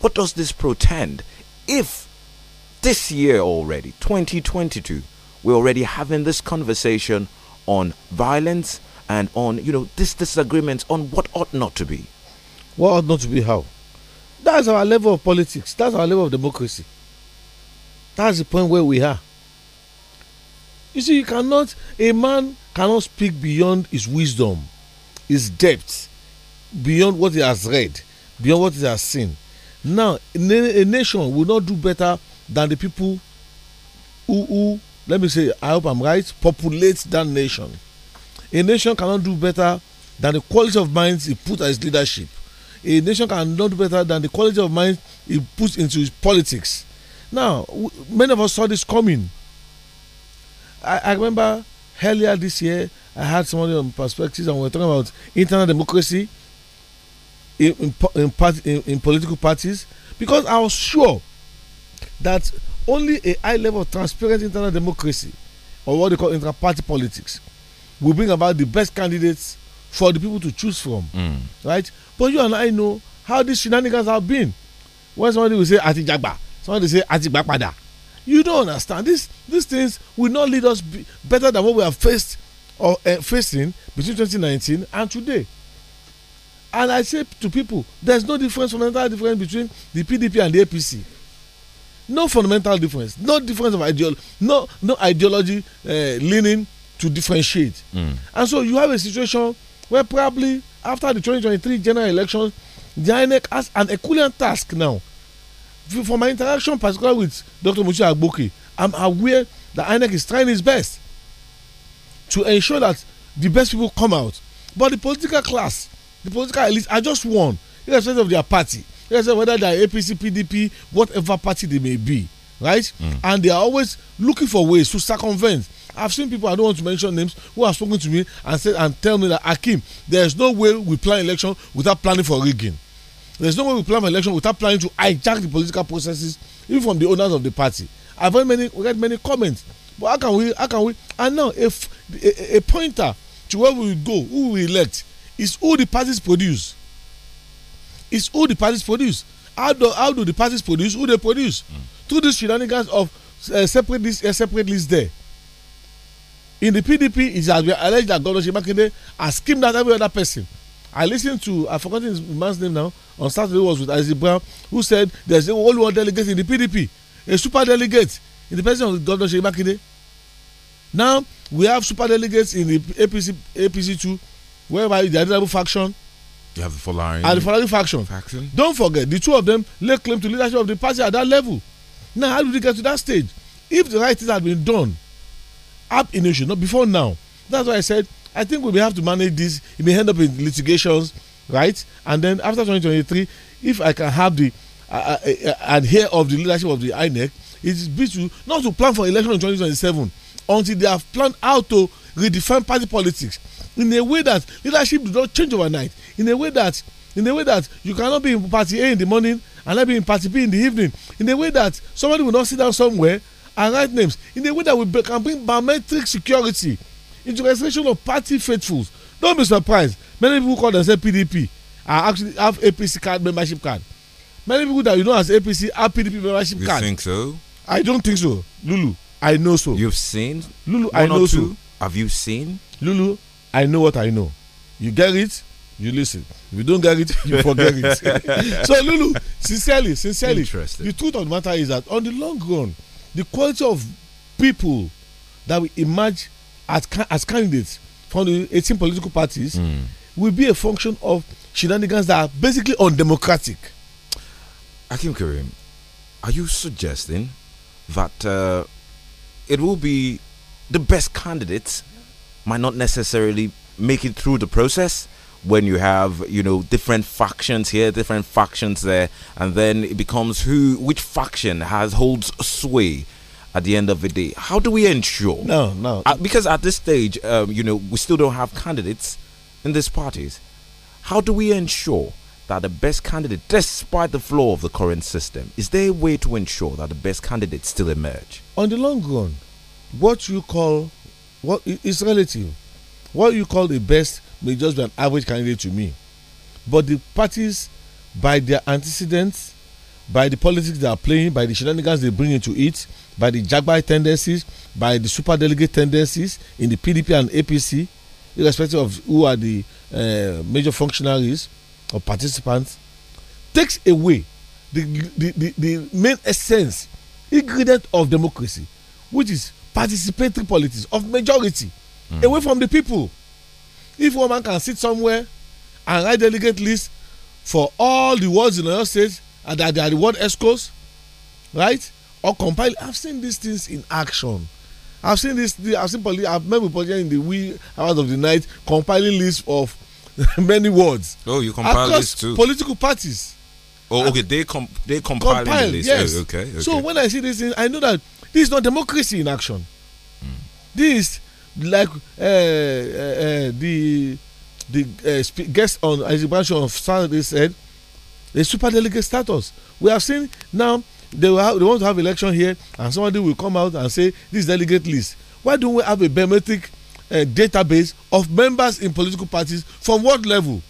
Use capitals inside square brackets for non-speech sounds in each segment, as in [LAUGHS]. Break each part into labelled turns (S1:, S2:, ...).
S1: What does this portend? If this year already, 2022, we're already having this conversation on violence and on, you know, this disagreement on what ought not to be. What ought not to be how?
S2: That's our level of politics. That's our level of democracy. That's the point where we are. You see, you cannot, a man cannot speak beyond his wisdom, his depth, beyond what he has read, beyond what he has seen now, a nation will not do better than the people who, who let me say, I hope I'm right, populate that nation. A nation cannot do better than the quality of minds he put as leadership. A nation cannot do better than the quality of minds he puts into his politics. Now, many of us saw this coming. I, I remember earlier this year, I had somebody on perspectives and we were talking about internal democracy in, in, in, part, in, in political parties because I was sure that only a high level of transparent internal democracy or what they call intra-party politics will bring about the best candidates for the people to choose from mm. right but you and i know how these shenanigans have been when somebody will say atijagba somebody will say atigbapada you don't understand these these things will not lead us be better than what we are faced or uh, facing between 2019 and today and i say to people there's no difference fundamental difference between the pdp and the apc no fundamental difference no difference of ideology no no ideology uh, leaning to differentiate mm. and so you have a situation where probably after the 2023 general election the inec has an equivalent task now for my interaction particularly with dr mushi agboke i'm aware that inec is trying its best to ensure that the best people come out but the political class the political elite are just one irrespective of their party irrespective whether they are apc pdp whatever party they may be right mm. and they are always looking for ways to circumvent i've seen people i don't want to mention names who have spoken to me and said and tell me that akim there is no way we plan election without planning for rigging there is no way we plan election without planning to hijack the political processes even from the owners of the party i've heard many we get many comments but how can we how can we and now if a, a, a pointer to where we go who we elect is who the parties produce is who the parties produce how do how do the parties produce who dey produce mm. through these shenanigans of uh, separate list uh, separate list there in the pdp it has been alleged that governor shemakinde has skimmed out every other person i listened to i forget his man's name now on saturday was with isaac brown who said there is only one delegate in the pdp a super delegate in the person of governor shemakinde now we have super delegates in the apc apc too. Where is the identifiable faction.
S1: You have the following And the following
S2: faction. faction. Don't forget, the two of them lay claim to leadership of the party at that level. Now, how did we get to that stage? If the right things had been done, up in issue, not before now. That's why I said, I think we may have to manage this. It may end up in litigations, right? And then after 2023, if I can have the uh, uh, uh, of the leadership of the INEC, it is to not to plan for election in 2027 until they have planned out to redefine party politics in a way that leadership do not change overnight in a way that in a way that you cannot be in party A in the morning and not be in party B in the evening in a way that somebody will not sit down somewhere and write names in a way that we can bring biometric security into registration of party faithfuls don't be surprised many people call themselves pdp are actually have apc card membership card many people that you know as apc have pdp membership you card you think so i don't think so lulu i know so you've seen lulu One i know so have you seen? Lulu, I know what I know. You get it? You listen. If you don't get it, you forget it. [LAUGHS] so Lulu, sincerely, sincerely, the truth of the matter is that on the long run, the quality of people that will emerge as, as candidates from the 18 political parties mm. will be a function of shenanigans that are basically undemocratic.
S1: Akim Karim, are you suggesting that uh, it will be the best candidates might not necessarily make it through the process when you have you know different factions here different factions there and then it becomes who which faction has holds sway at the end of the day how do we ensure no no uh, because at this stage um, you know we still don't have candidates in these parties how do we ensure that the best candidate despite the flaw of the current system is there a way to ensure that the best candidates still emerge on the long run
S2: what you call what is relative what you call the best may just be an average candidate to me but the parties by their antecedents by the politics they are playing by the shenanigans they bring into it by the jagby tendencies by the super delegate tendencies in the pdp and apc irrespective of who are the uh, major functionaries or participants takes away the, the the the main essence ingredient of democracy which is participatory politics of majority mm. away from the people if woman can sit somewhere and write delegate list for all the wards in oyo state and that they are the ward escorts right or compile i have seen these things in action i have seen this i have seen i have met with in the wee hours of the night compiling lists of [LAUGHS] many words.
S1: oh you compile this too political
S2: parties.
S1: oh okay they they compile compile the list yes oh, okay, okay so
S2: when i see these things i know that this is not democracy in action. Mm. This like uh, uh, uh, the the uh, guest on Azerbaijan on Saturday said a super delegate status. We have seen now they, have, they want to have election here and somebody will come out and say this delegate list. Why don't we have a biometric uh, database of members in political parties from what level?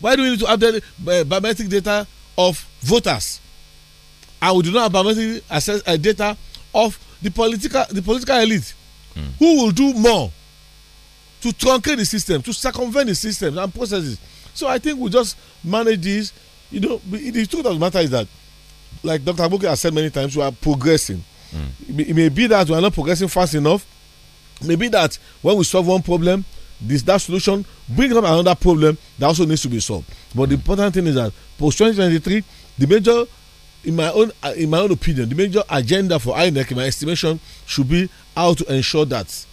S2: Why do we need to have the, uh, biometric data of voters? And we do not have biometric access, data of the political the political elite mm. who will do more to truncate the system to circumvent the system and processes so i think we just manage this you know the truth of the matter is that like dr abuke has said many times we are progressing mm. it may be that we are not progressing fast enough maybe that when we solve one problem this that solution brings up another problem that also needs to be solved but the important thing is that post 2023 the major in my own uh, in my own opinion the major agenda for INEC in my estimation should be how to ensure that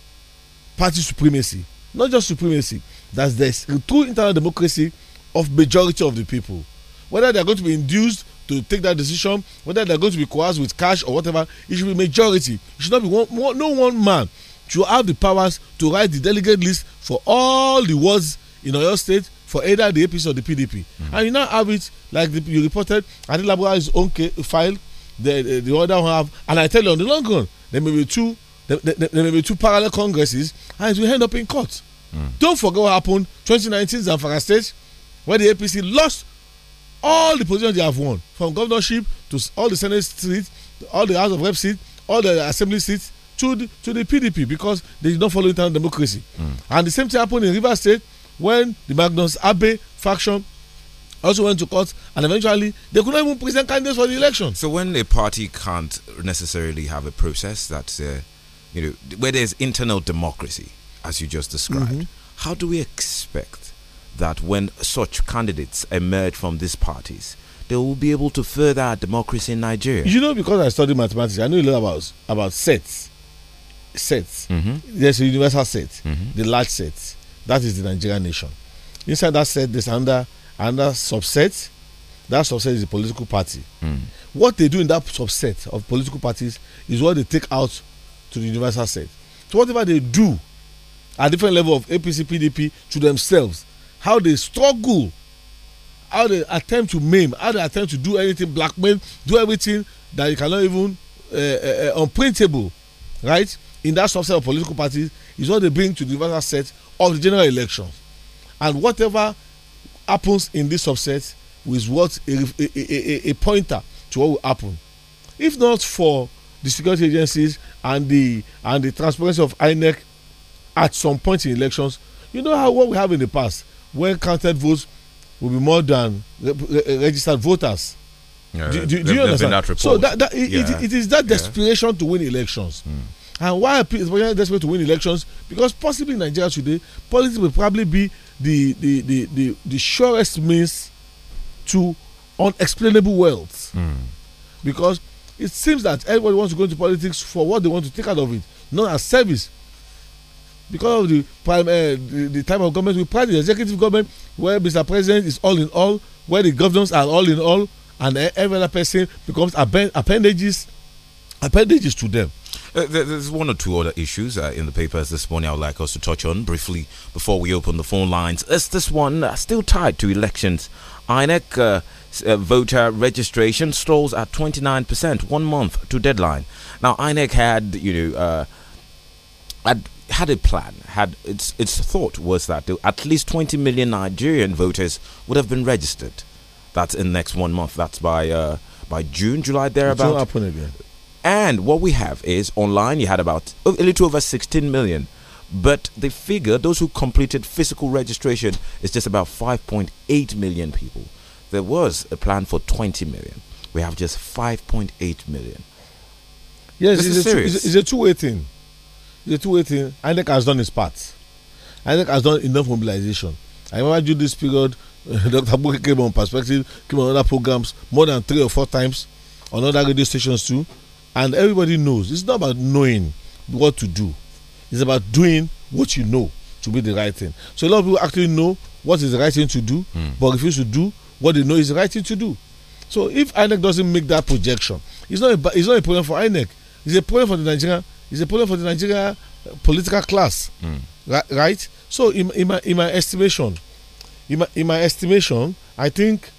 S2: party supremacy not just supremacy that there's a true internal democracy of majority of the people whether they're going to be induced to take that decision whether they're going to be coerced with cash or whatever it should be majority it should not be one, one no one man should have the powers to write the delegate list for all the wards in oyo state for either the APC or the PDP. Mm -hmm. And you now have it like the, you reported, Adelabu has his own file, the, the, the other one have, and I tell you on the long run, there may be two, there, there, there may be two parallel congresses, and it will end up in court. Mm. Don't forget what happened 2019 Zamfara State, where the APC lost all the positions they have won, from governorship to all the senate seats, all the House of Rep seats, all the assembly seats, to the, to the PDP because they did not follow internal democracy. Mm. And the same thing happened in River State
S1: when the Magnus Abe faction also went to court and eventually they could not even present candidates for the election. So when a party can't necessarily have a process that's, uh, you know, where there's internal democracy, as you just described, mm -hmm. how do we expect that when such candidates emerge from these parties, they will be able to further democracy in Nigeria? You
S2: know, because I study mathematics, I know a lot about about sets, sets. Mm -hmm. There's a universal set, mm -hmm. the large set that is the Nigerian nation. Inside that set, there's another, under subset. That subset is the political party. Mm. What they do in that subset of political parties is what they take out to the universal set. So whatever they do at different level of APC, PDP to themselves, how they struggle, how they attempt to maim, how they attempt to do anything, blackmail, do everything that you cannot even uh, uh, uh unprintable, right? In that subset of political parties is what they bring to the universal set of the general election and whatever happens in this subset is what a, a, a, a, pointer to what will happen if not for the security agencies and the and the transparency of inec at some point in elections you know how what we have in the past when counted votes will be more than re re registered voters yeah, do, do, do you understand that so that, that it, yeah. it, it is that desperation yeah. to win elections mm and why are people desperate to win elections because possibly in nigeria today politics will probably be the the the the, the surest means to unexplainable wealth mm. because it seems that everybody wants to go into politics for what they want to take out of it not as service because of the prime uh, the, the type of government we pride the executive government where mr president is all in all where the governors are all in all and every other person becomes appendages appendages to them
S1: uh, there's one or two other issues uh, in the papers this morning I would like us to touch on briefly before we open the phone lines. It's this one uh, still tied to elections. INEC uh, uh, voter registration stalls at 29%, one month to deadline. Now, INEC had, you know, uh, had had a plan, had its its thought was that at least 20 million Nigerian voters would have been registered. That's in the next one month. That's by uh, by June, July thereabout. It will happen again. And what we have is online, you had about oh, a little over 16 million. But the figure, those who completed physical registration, is just about 5.8 million people. There was a plan for 20 million. We have just 5.8 million. Yes, this it's, a, it's, it's a two way
S2: thing. It's a two way thing. think has done its part. think has done enough mobilization. I remember during this period, [LAUGHS] Dr. Buki came on perspective, came on other programs more than three or four times on other radio stations too and everybody knows it's not about knowing what to do it's about doing what you know to be the right thing so a lot of people actually know what is the right thing to do mm. but refuse to do what they know is the right thing to do so if INEC doesn't make that projection it's not a, it's not a problem for INEC it's a problem for the Nigerian it's a problem for the Nigerian uh, political class mm. right, so in, in, my in my estimation in my, in my estimation I think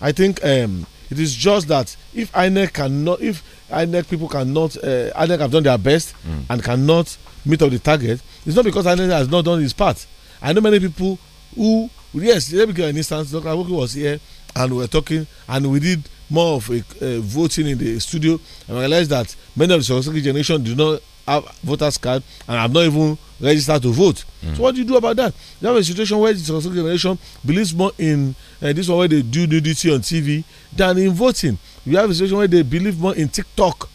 S2: I think um, it is just that if INEC cannot if INEC people cannot, uh, INEC have done their best mm. and cannot meet up the target, it's not because INEC has not done its part. I know many people who, yes, let me give an instance. Dr. Awoki was here and we were talking and we did more of a, uh, voting in the studio and realized that many of the successive generation do not have voters card and have not even registered to vote. Mm. So what do you do about that? You have a situation where the successive generation believes more in uh, this one where they do nudity on TV than in voting you have a situation where they believe more in tiktok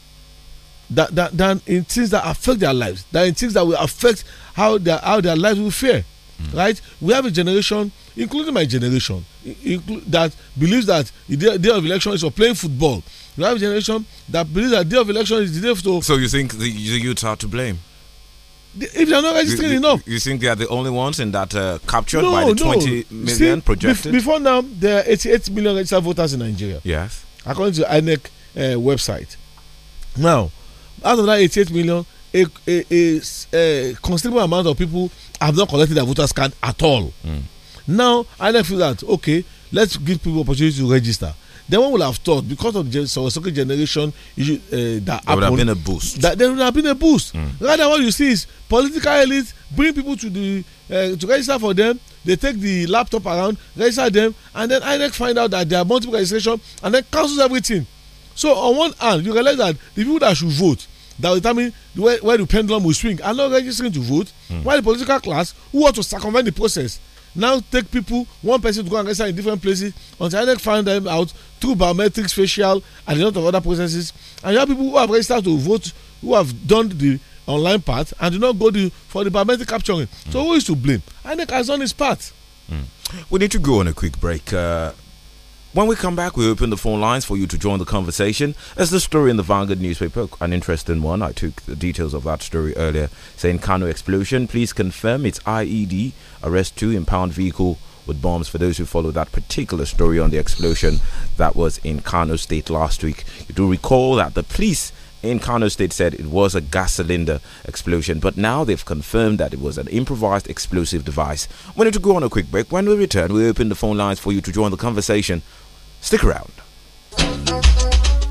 S2: than, than, than in things that affect their lives than in things that will affect how their how their lives will fare mm. right we have a generation including my generation inclu that believes that the day, day of election is for playing football we have a generation that believes that day of election is the day for. so you think the, the youth
S1: are to blame
S3: if
S2: they're not registering you, enough.
S1: You think they are the only ones in that uh, captured no, by the no. 20 million See, projected? before
S2: now, there are 88 million registered voters in Nigeria. Yes according to INEC uh, website. Now, out of that 88 million, a, a, a, a, considerable amount of people have not collected their voters card at all. Mm. Now, INEC feel that okay, let's give people opportunity to register. Then one would have thought because of the second generation uh, that there would have been a boost. That there would have been a boost. Mm. Rather, what you see is political elites bring people to the uh, to register for them they take the laptop around register them and then inec find out that there are multiple registration and then cancels everything so on one hand you realize that the people that should vote that will determine where, where the pendulum will swing are not registering to vote mm. while the political class who want to circumvent the process now take people one person to go and register in different places until inec find them out through biometrics facial and a lot of other processes and you have people who have registered to vote who have done the online part and do not go the, for the biometric capturing. Mm. So who is to blame? INEC has done its part.
S1: Mm. We need to go on a quick break. Uh, when we come back, we open the phone lines for you to join the conversation. As the story in the Vanguard newspaper, an interesting one. I took the details of that story earlier, saying Kano explosion. Please confirm it's IED. Arrest two impound vehicle with bombs. For those who follow that particular story on the explosion that was in Kano State last week, you do recall that the police in Kano State said it was a gas cylinder explosion, but now they've confirmed that it was an improvised explosive device. We need to go on a quick break. When we return, we open the phone lines for you to join the conversation. Stick around.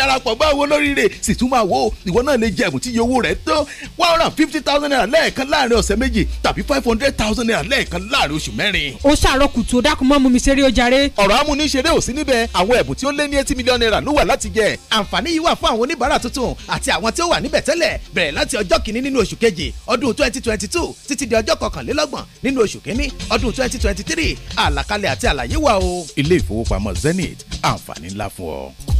S4: darapọ̀ bá owó lóríire sì tún máa wo ìwọ náà lè jẹ ẹ̀bùn tí iye owó rẹ̀ tó one hundred fifty thousand naira lẹ́ẹ̀kan láàrin ọ̀sẹ̀ méjì tàbí five hundred thousand naira
S5: lẹ́ẹ̀kan láàrin oṣù mẹ́rin.
S4: ó ṣàárọ̀ kùtù dákun mọ́ mú ṣeré ó ọ̀rọ̀ amúniṣeré ò sí níbẹ̀ àwọn ẹ̀bùn tí ó lé ní eighty million naira ló wà láti jẹ àǹfààní yìí wà fún àwọn oníbàárà tuntun àti àwọn tí ó wà níbẹ̀ tẹ́lẹ̀ bẹ̀rẹ̀ láti ọjọ́ kìíní nínú oṣù kejì ọdún twenty twenty two títí di ọjọ́ kọkànlélọ́gbọ̀n nínú oṣù kìíní ọdún twenty twenty three àlàkalẹ̀ àti àlàyé wà o. ilé ìfowópamọ́ Zenith àǹfààní ńlá fún ọ.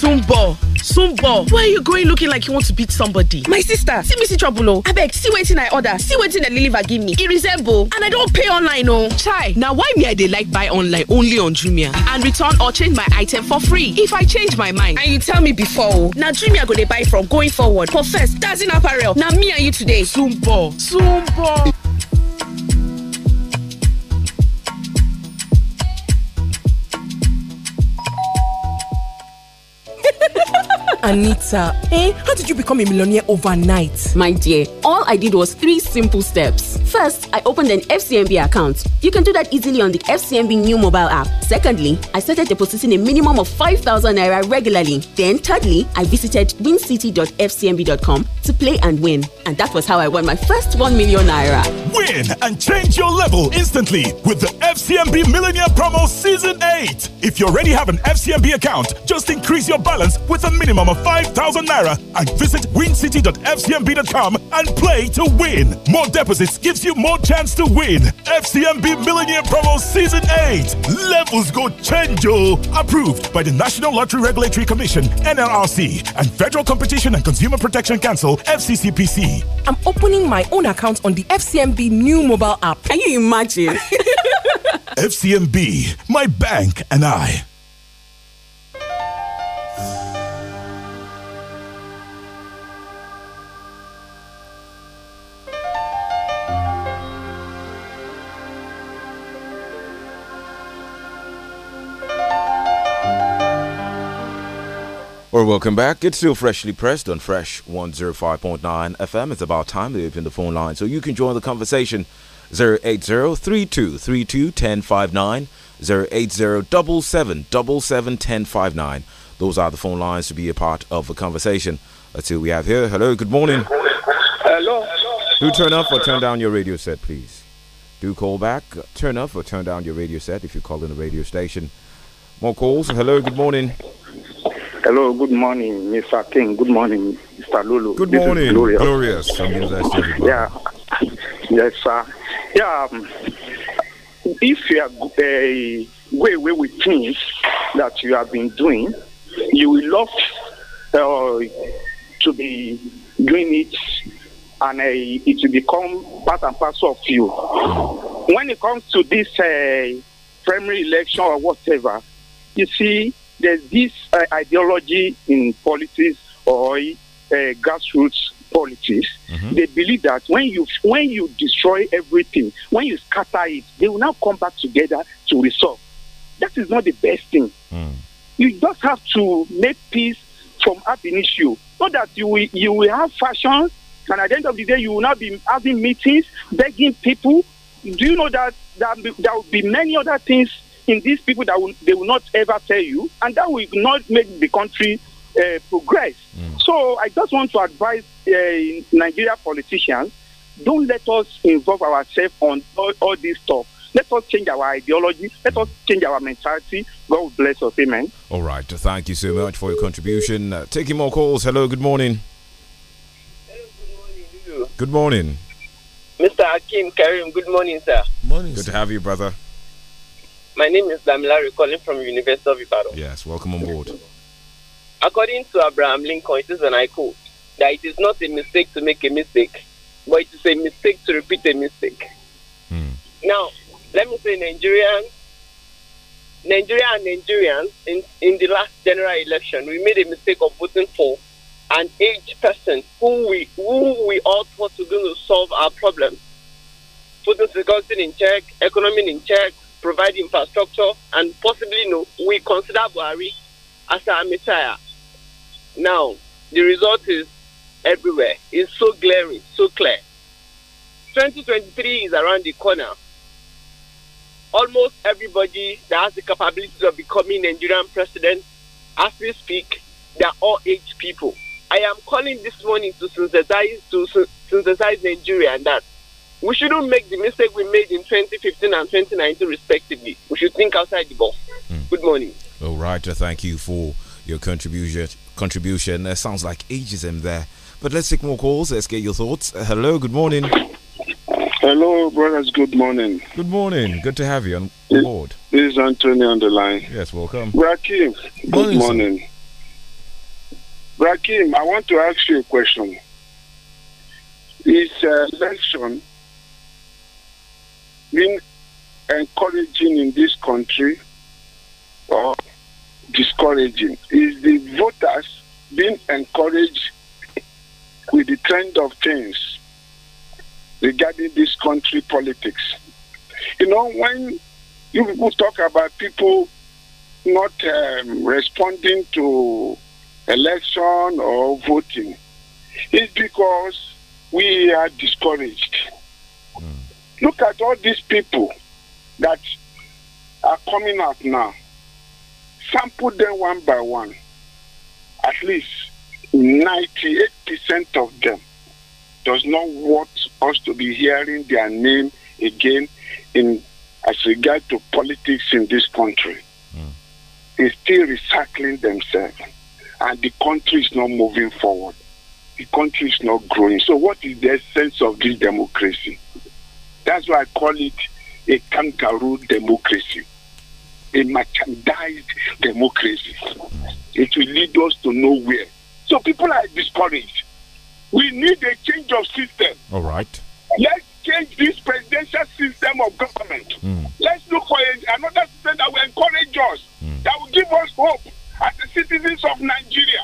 S6: Sumbo, Sumbo, why are you going looking like you want to beat somebody? My sister, see me see trouble oh. I beg, see waiting I order, see waiting that Liliva give me. It e resemble oh. and I don't pay online oh. Chai, now why me I dey like buy online only on Jumia and return or change my item for free if I change my mind? And you tell me before oh. Now Jumia go dey buy from going forward. For first, that's in apparel. Now me and you today. Sumbo, Sumbo.
S7: Anita, eh? How did you become a millionaire overnight? My dear, all I did was three simple steps. First, I opened an FCMB account. You can do that easily on the FCMB new mobile app. Secondly, I started depositing a minimum of 5,000 naira regularly. Then, thirdly, I visited wincity.fcmb.com to play and win. And that was how I won my first 1 million naira.
S8: Win and change your level instantly with the FCMB Millionaire Promo Season 8. If you already have an FCMB account, just increase your balance with a minimum over 5,000 naira and visit wincity.fcmb.com and play to win. More deposits gives you more chance to win. FCMB Millionaire Promo Season 8. Levels go change. Approved by the National Lottery Regulatory Commission, NLRC, and Federal Competition and Consumer Protection Council, FCCPC. I'm opening my own account on the FCMB new mobile app. Can you imagine? [LAUGHS] FCMB, my bank and I.
S1: Well, welcome back. It's still freshly pressed on Fresh 105.9 FM. It's about time they open the phone line so you can join the conversation. 080-3232-1059, 080-777-1059. Those are the phone lines to be a part of the conversation. That's who we have here. Hello, good morning.
S9: Hello.
S1: Do turn up or turn down your radio set, please. Do call back. Turn up or turn down your radio set if you are calling the radio station. More calls. Hello, good morning.
S9: Hello, good morning, Mr. King. Good morning, Mr. Lulu. Good this morning, Glorious. glorious yeah, yes, sir. Yeah, um, if you are uh, way away with things that you have been doing, you will love uh, to be doing it, and uh, it will become part and parcel of you. When it comes to this uh, primary election or whatever, you see there's this uh, ideology in politics or uh, grassroots politics. Mm-hmm. They believe that when you when you destroy everything, when you scatter it, they will now come back together to resolve. That is not the best thing. Mm. You just have to make peace from ab issue, so that you will, you will have fashion, and at the end of the day, you will not be having meetings, begging people. Do you know that, that there will be many other things in these people that will, they will not ever tell you, and that will not make the country uh, progress. Mm. So I just want to advise uh, Nigeria politicians: don't let us involve ourselves on all, all this stuff. Let us change our ideology. Let us change our mentality. God bless us. Amen.
S1: All right. Thank you so much for your contribution. Uh, taking more calls. Hello. Good morning. Hello, good morning. Good morning.
S10: Mr. Akim Karim, good morning, sir. Morning.
S1: Good sir. to have you, brother.
S10: My name is Damilari calling from University of Ibadan.
S1: Yes, welcome on board.
S10: According to Abraham Lincoln, it is, an I quote, that it is not a mistake to make a mistake, but it is a mistake to repeat a mistake. Hmm. Now, let me say Nigerian, Nigeria and Nigerians in, in the last general election, we made a mistake of voting for an aged person who we who we all thought was going to solve our problems. Putting security in check, economy in check, provide infrastructure, and possibly no, we consider Buhari as our messiah. Now, the result is everywhere. It's so glaring, so clear. 2023 is around the corner. Almost everybody that has the capabilities of becoming Nigerian president, as we speak, they are all aged people. I am calling this morning to synthesize to synthesize Nigeria and that we shouldn't make the mistake we made in 2015 and 2019 respectively. We should think outside the box.
S1: Mm. Good morning. All right, uh, thank you for your contribution. Contribution that sounds like ageism there, but let's take more calls. Let's get your thoughts. Uh, hello, good morning. Hello, brothers. Good morning. Good morning. Good to have you on board.
S9: This is Anthony on the line.
S1: Yes, welcome.
S9: Rakim. Good morning. morning. Rakim, I want to ask you a question. This uh, election been encouraging in this country or discouraging is the voters being encouraged with the trend of things regarding this country politics. You know, when you people talk about people not um, responding to election or voting, it's because we are discouraged Look at all these people that are coming out now. Sample them one by one. At least 98% of them does not want us to be hearing their name again in as regard to politics in this country. Mm. They still recycling themselves, and the country is not moving forward. The country is not growing. So, what is the essence of this democracy? That's why I call it a kangaroo democracy, a merchandised democracy. It will lead us to nowhere. So people are discouraged. We need a change of system. All right. Let's change this presidential system of government. Mm. Let's look for a, another system that will encourage us, mm. that will give us hope as the citizens of Nigeria.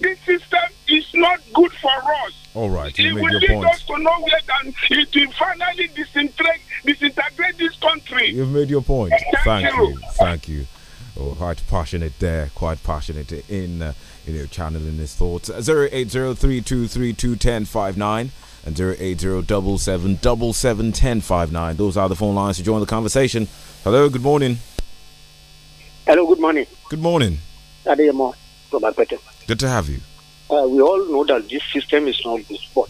S9: This system is not good for us. All right, you it will lead us to nowhere and it will finally disintegrate, disintegrate this country. You've made your point. Thank, Thank you. you.
S1: Thank you. Oh, quite passionate there, quite passionate in uh, you know channeling his thoughts. Zero eight zero three two three two ten five nine and zero eight zero double seven double seven ten five nine. Those are the phone lines to join the conversation. Hello, good morning.
S11: Hello, good morning. Good
S1: morning. Good to have you.
S11: Uh, we all know that this system is not good, but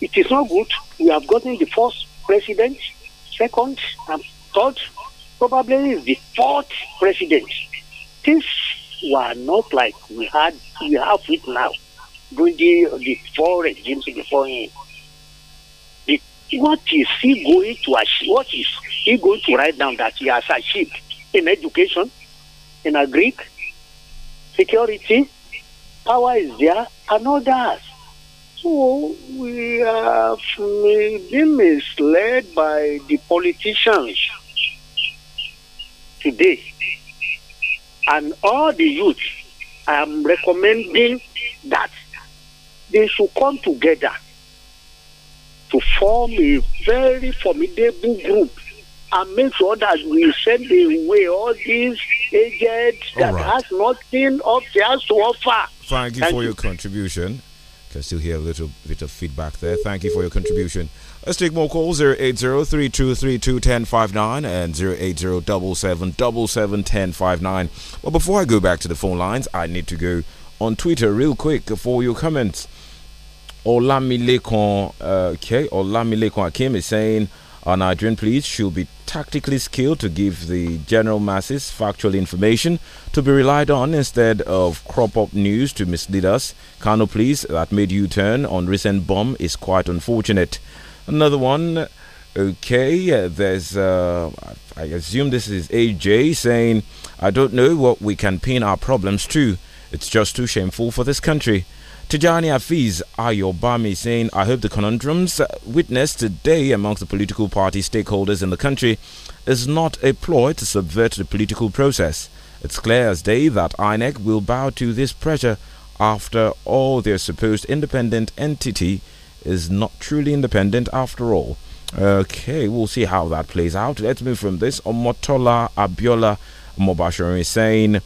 S11: it is not good. We have gotten the first president, second, and third. Probably is the fourth president. Things were not like we had we have it now during the, the four regimes before him. The, what is he going to achieve? What is he going to write down that he has achieved in education, in a Greek, security, power is there, and others. So we have been misled by the politicians today. And all the youth, I am recommending that they should come together to form a very formidable group and make sure that we send away all these agents that right. has nothing of theirs to offer.
S1: Thank you Thank for you. your contribution. Can still hear a little bit of feedback there. Thank you for your contribution. Let's take more calls 080-3232-1059 and 080-777-1059. Well, before I go back to the phone lines, I need to go on Twitter real quick for your comments. Olamilekon, uh, okay, Olamilekon Akim is saying, our Nigerian police should be tactically skilled to give the general masses factual information to be relied on instead of crop up news to mislead us. Kano police that made U turn on recent bomb is quite unfortunate. Another one, okay, there's, uh, I assume this is AJ saying, I don't know what we can pin our problems to. It's just too shameful for this country. Tijani Afiz Ayobami saying, I hope the conundrums witnessed today amongst the political party stakeholders in the country is not a ploy to subvert the political process. It's clear as day that INEC will bow to this pressure after all their supposed independent entity is not truly independent after all. Okay, we'll see how that plays out. Let's move from this. Omotola Abiola is saying,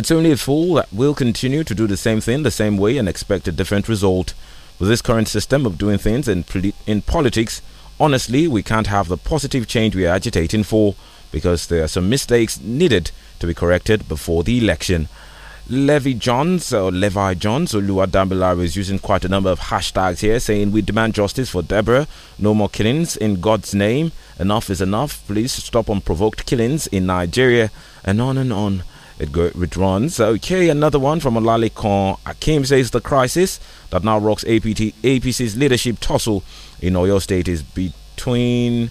S1: it's only a fool that will continue to do the same thing the same way and expect a different result. With this current system of doing things in, in politics, honestly, we can't have the positive change we are agitating for because there are some mistakes needed to be corrected before the election. Levy Johns or Levi Johns or Lua Dambilaro is using quite a number of hashtags here saying we demand justice for Deborah, no more killings in God's name, enough is enough, please stop unprovoked killings in Nigeria, and on and on. It, go, it runs. Okay, another one from Olalikon Akim says the crisis that now rocks APT, APC's leadership tussle in Oyo State is between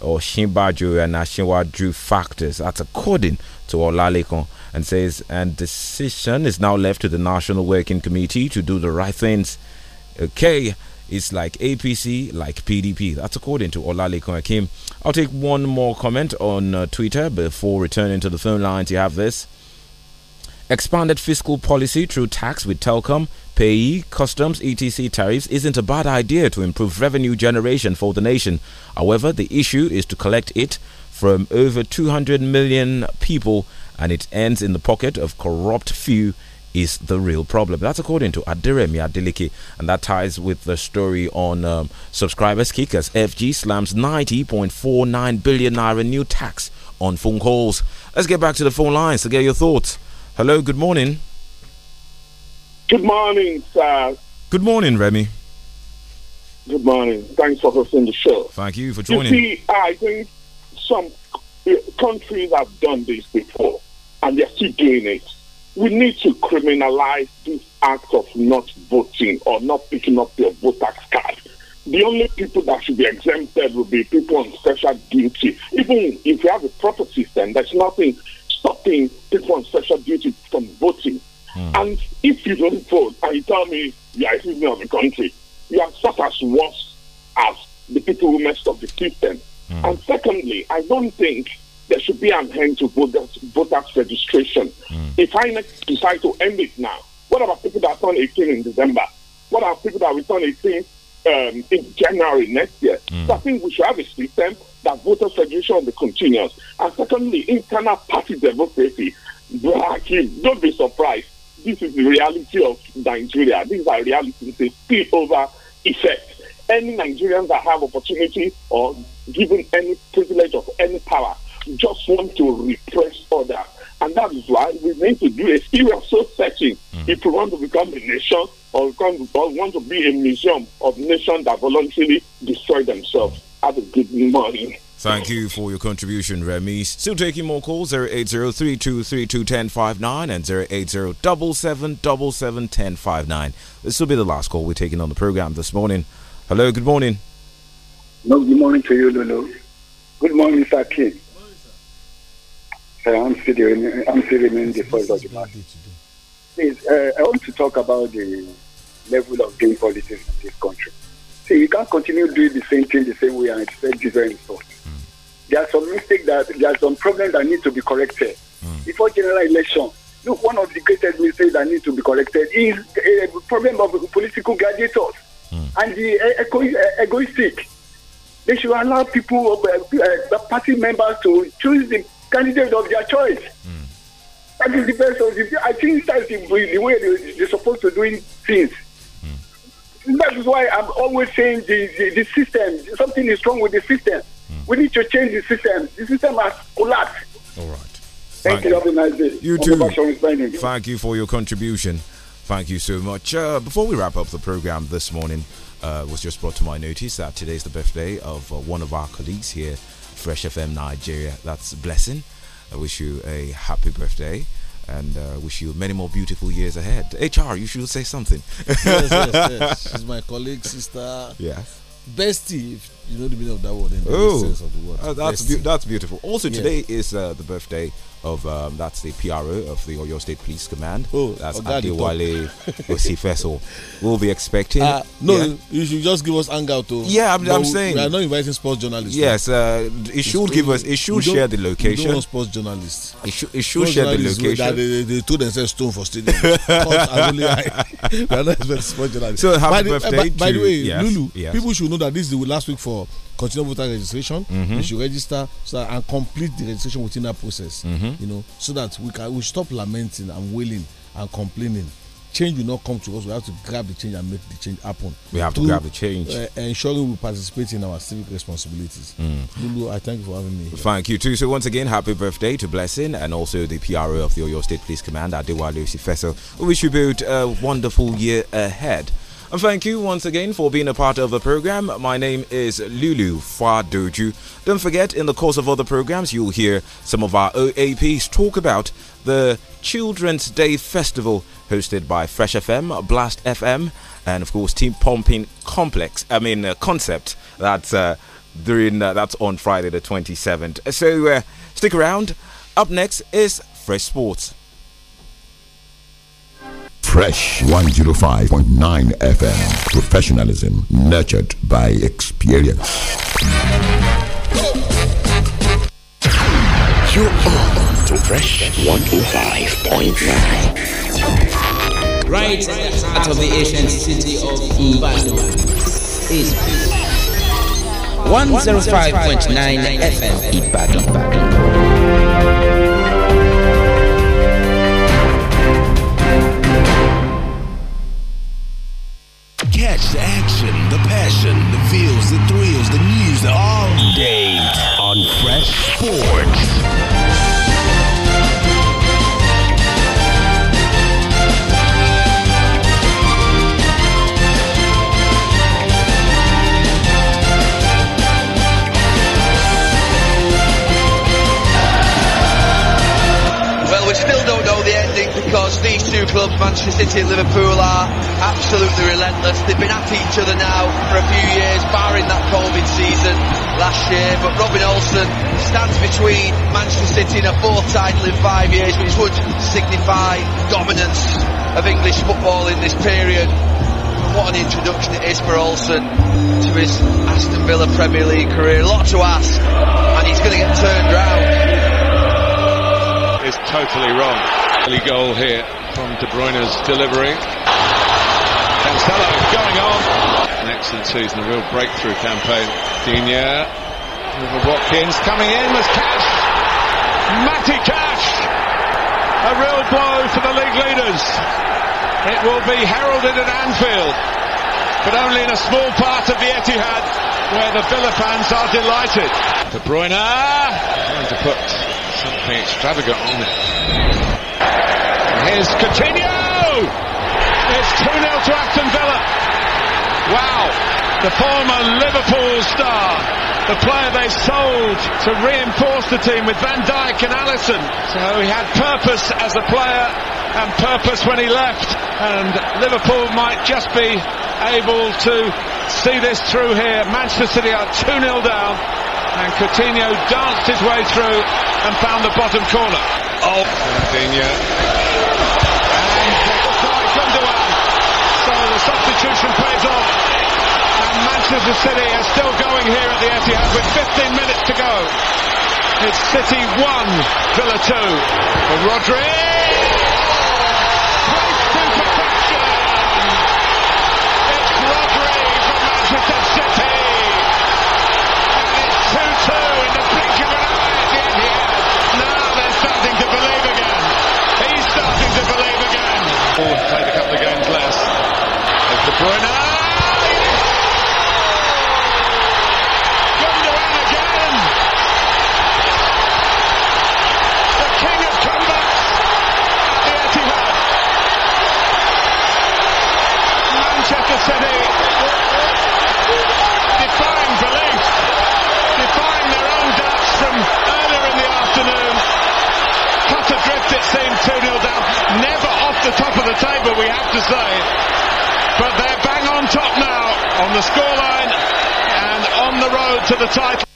S1: Oshimbaju and Ashinwaju factors. That's according to Olalikon and says, and decision is now left to the National Working Committee to do the right things. Okay, it's like APC, like PDP. That's according to Olalekan Akim. I'll take one more comment on uh, Twitter before returning to the phone lines. You have this. Expanded fiscal policy through tax with Telkom, payee, customs, etc. tariffs isn't a bad idea to improve revenue generation for the nation. However, the issue is to collect it from over 200 million people and it ends in the pocket of corrupt few is the real problem. That's according to Adiremi Adiliki, and that ties with the story on um, subscribers kickers. FG slams 90.49 billion naira new tax on phone calls. Let's get back to the phone lines to get your thoughts. Hello, good morning. Good morning, sir. Good morning, Remy.
S9: Good morning. Thanks for hosting the show.
S1: Thank you for joining. You
S9: see, I think some eh, countries have done this before, and they're still doing it we need to criminalize this act of not voting or not picking up their voter's card. The only people that should be exempted will be people on special duty. Even if you have a proper system, there's nothing stopping people on special duty from voting. Mm. And if you don't vote and you tell me you are a citizen of the country, you are such as worse as the people who messed up the system. Mm. And secondly, I don't think there should be an end to voters, voters registration. Mm. If I decide to end it now, what about people that turn 18 in December? What about people that return 18 um, in January next year? Mm. So I think we should have a system that voters registration will continues. And secondly, internal party democracy. Don't be surprised. This is the reality of Nigeria. These are reality. It's a spillover effect. Any Nigerians that have opportunity or given any privilege of any power just want to repress others. And that is why we need to do a serious soul searching. Mm. If we want to become a nation or, become, or want to be a museum of nations that voluntarily destroy themselves. Have a good morning.
S1: Thank you for your contribution, Remy. Still taking more calls three two ten five nine and 08077771059. This will be the last call we're taking on the program this morning. Hello, good morning.
S9: No, good morning to you, Lulu. Good morning, Mr. I'm uh, feeling, I'm still in the first of the match. Please, uh, I want to talk about the level of game politics in this country. See, you can't continue doing the same thing the same way and expect different results. Mm. There are some mistakes that there are some problems that need to be corrected mm. before general election. Look, one of the greatest mistakes that need to be corrected is a uh, problem of political gladiators mm. and the uh, ego egoistic. They should allow people, uh, party members, to choose the candidate of their choice. Mm. That is the best of the. I think that's the, the way they, are supposed to doing things. Mm. That is why I'm always saying the, the, the, system, something is wrong with the system. Mm. We need to change the system. The system has collapsed.
S1: All right. Thank, Thank you. Have a nice day. You too. Thank you for your contribution. Thank you so much. Uh, before we wrap up the program this morning, uh, was just brought to my notice that today is the birthday of uh, one of our colleagues here Fresh FM Nigeria. That's a blessing. I wish you a happy birthday and uh, wish you many more beautiful years ahead. HR, you should say something. yes, yes, yes.
S2: [LAUGHS] She's my colleague, sister. Yes. Bestie, if you know the meaning of that word in oh, the oh, sense of the word. Uh, that's, be that's beautiful. Also, today yeah. is
S1: uh, the birthday of um, that's the PRO of the Oyo State Police Command. Oh, that's Adewale [LAUGHS] Osifeso. We'll be expecting. Uh, no, yeah. you should just give us hangout. To, oh. yeah, I'm, I'm saying we are
S2: not inviting sports journalists. Yes, uh,
S1: it should it's give us. It should share the location.
S2: We don't sports journalists. It should, it should share the location. They, they, they told themselves stone for stadium. [LAUGHS] we are not sports journalists. So happy by birthday! The, uh, by, by, the way, yes, Lulu, yes. people should know that this is the last week for continue voter registration mm -hmm. should register so that, and complete the registration within that process mm -hmm. you know so that we can we stop lamenting and wailing and complaining change will not come to us we have to grab the change and make the change happen we have to, to grab the change uh, ensuring we participate in our civic responsibilities mm. Lulu I thank you for having me here.
S1: thank you too so once again happy birthday to Blessing and also the PRO of the Oyo State Police Command Adewale Sifeso we wish you build a wonderful year ahead and thank you once again for being a part of the program. My name is Lulu Fadoju. Don't forget, in the course of other programs, you'll hear some of our OAPs talk about the Children's Day Festival hosted by Fresh FM, Blast FM, and of course Team Pumping Complex. I mean uh, Concept. That's uh, during uh, that's on Friday the 27th. So uh, stick around. Up next is Fresh Sports.
S8: Fresh 105.9 FM. Professionalism nurtured by experience. You're on to Fresh 105.9.
S12: Right out of the ancient city of Ibadan is 105.9 FM Ibadan.
S7: catch the action, the passion, the feels, the thrills, the news the all day on Fresh Sports.
S6: club, Manchester City and Liverpool, are absolutely relentless. They've been at each other now for a few years, barring that COVID season last year. But Robin Olsen stands between Manchester City and a fourth title in five years, which would signify dominance of English football in this period. what an introduction it is for Olsen to his Aston Villa Premier League career. A lot to ask, and he's going to get turned round.
S13: Is totally wrong. Goal here from De Bruyne's delivery. Cancelo going on. An excellent season, a real breakthrough campaign. Digne Watkins coming in with Cash. Matty Cash. A real blow for the league leaders. It will be heralded at Anfield, but only in a small part of the Etihad where the Villa fans are delighted. De Bruyne trying to put something extravagant on it. Here's Coutinho! It's 2-0 to Aston Villa. Wow, the former Liverpool star, the player they sold to reinforce the team with Van Dijk and Allison. So he had purpose as a player and purpose when he left, and Liverpool might just be able to see this through here. Manchester City are 2-0 down, and Coutinho danced his way through and found the bottom corner. Oh, Coutinho plays And Manchester City are still going here at the Etihad with 15 minutes to go. It's City 1, Villa 2. Rodri Bruyne. Gundogan again. The king of the Etihad. Manchester City defying belief, defying their own doubts from earlier in the afternoon. Cut adrift, it seemed 2 nil down. Never off the top of the table, we have to say. But they're bang on top now on the scoreline and on the road to the title.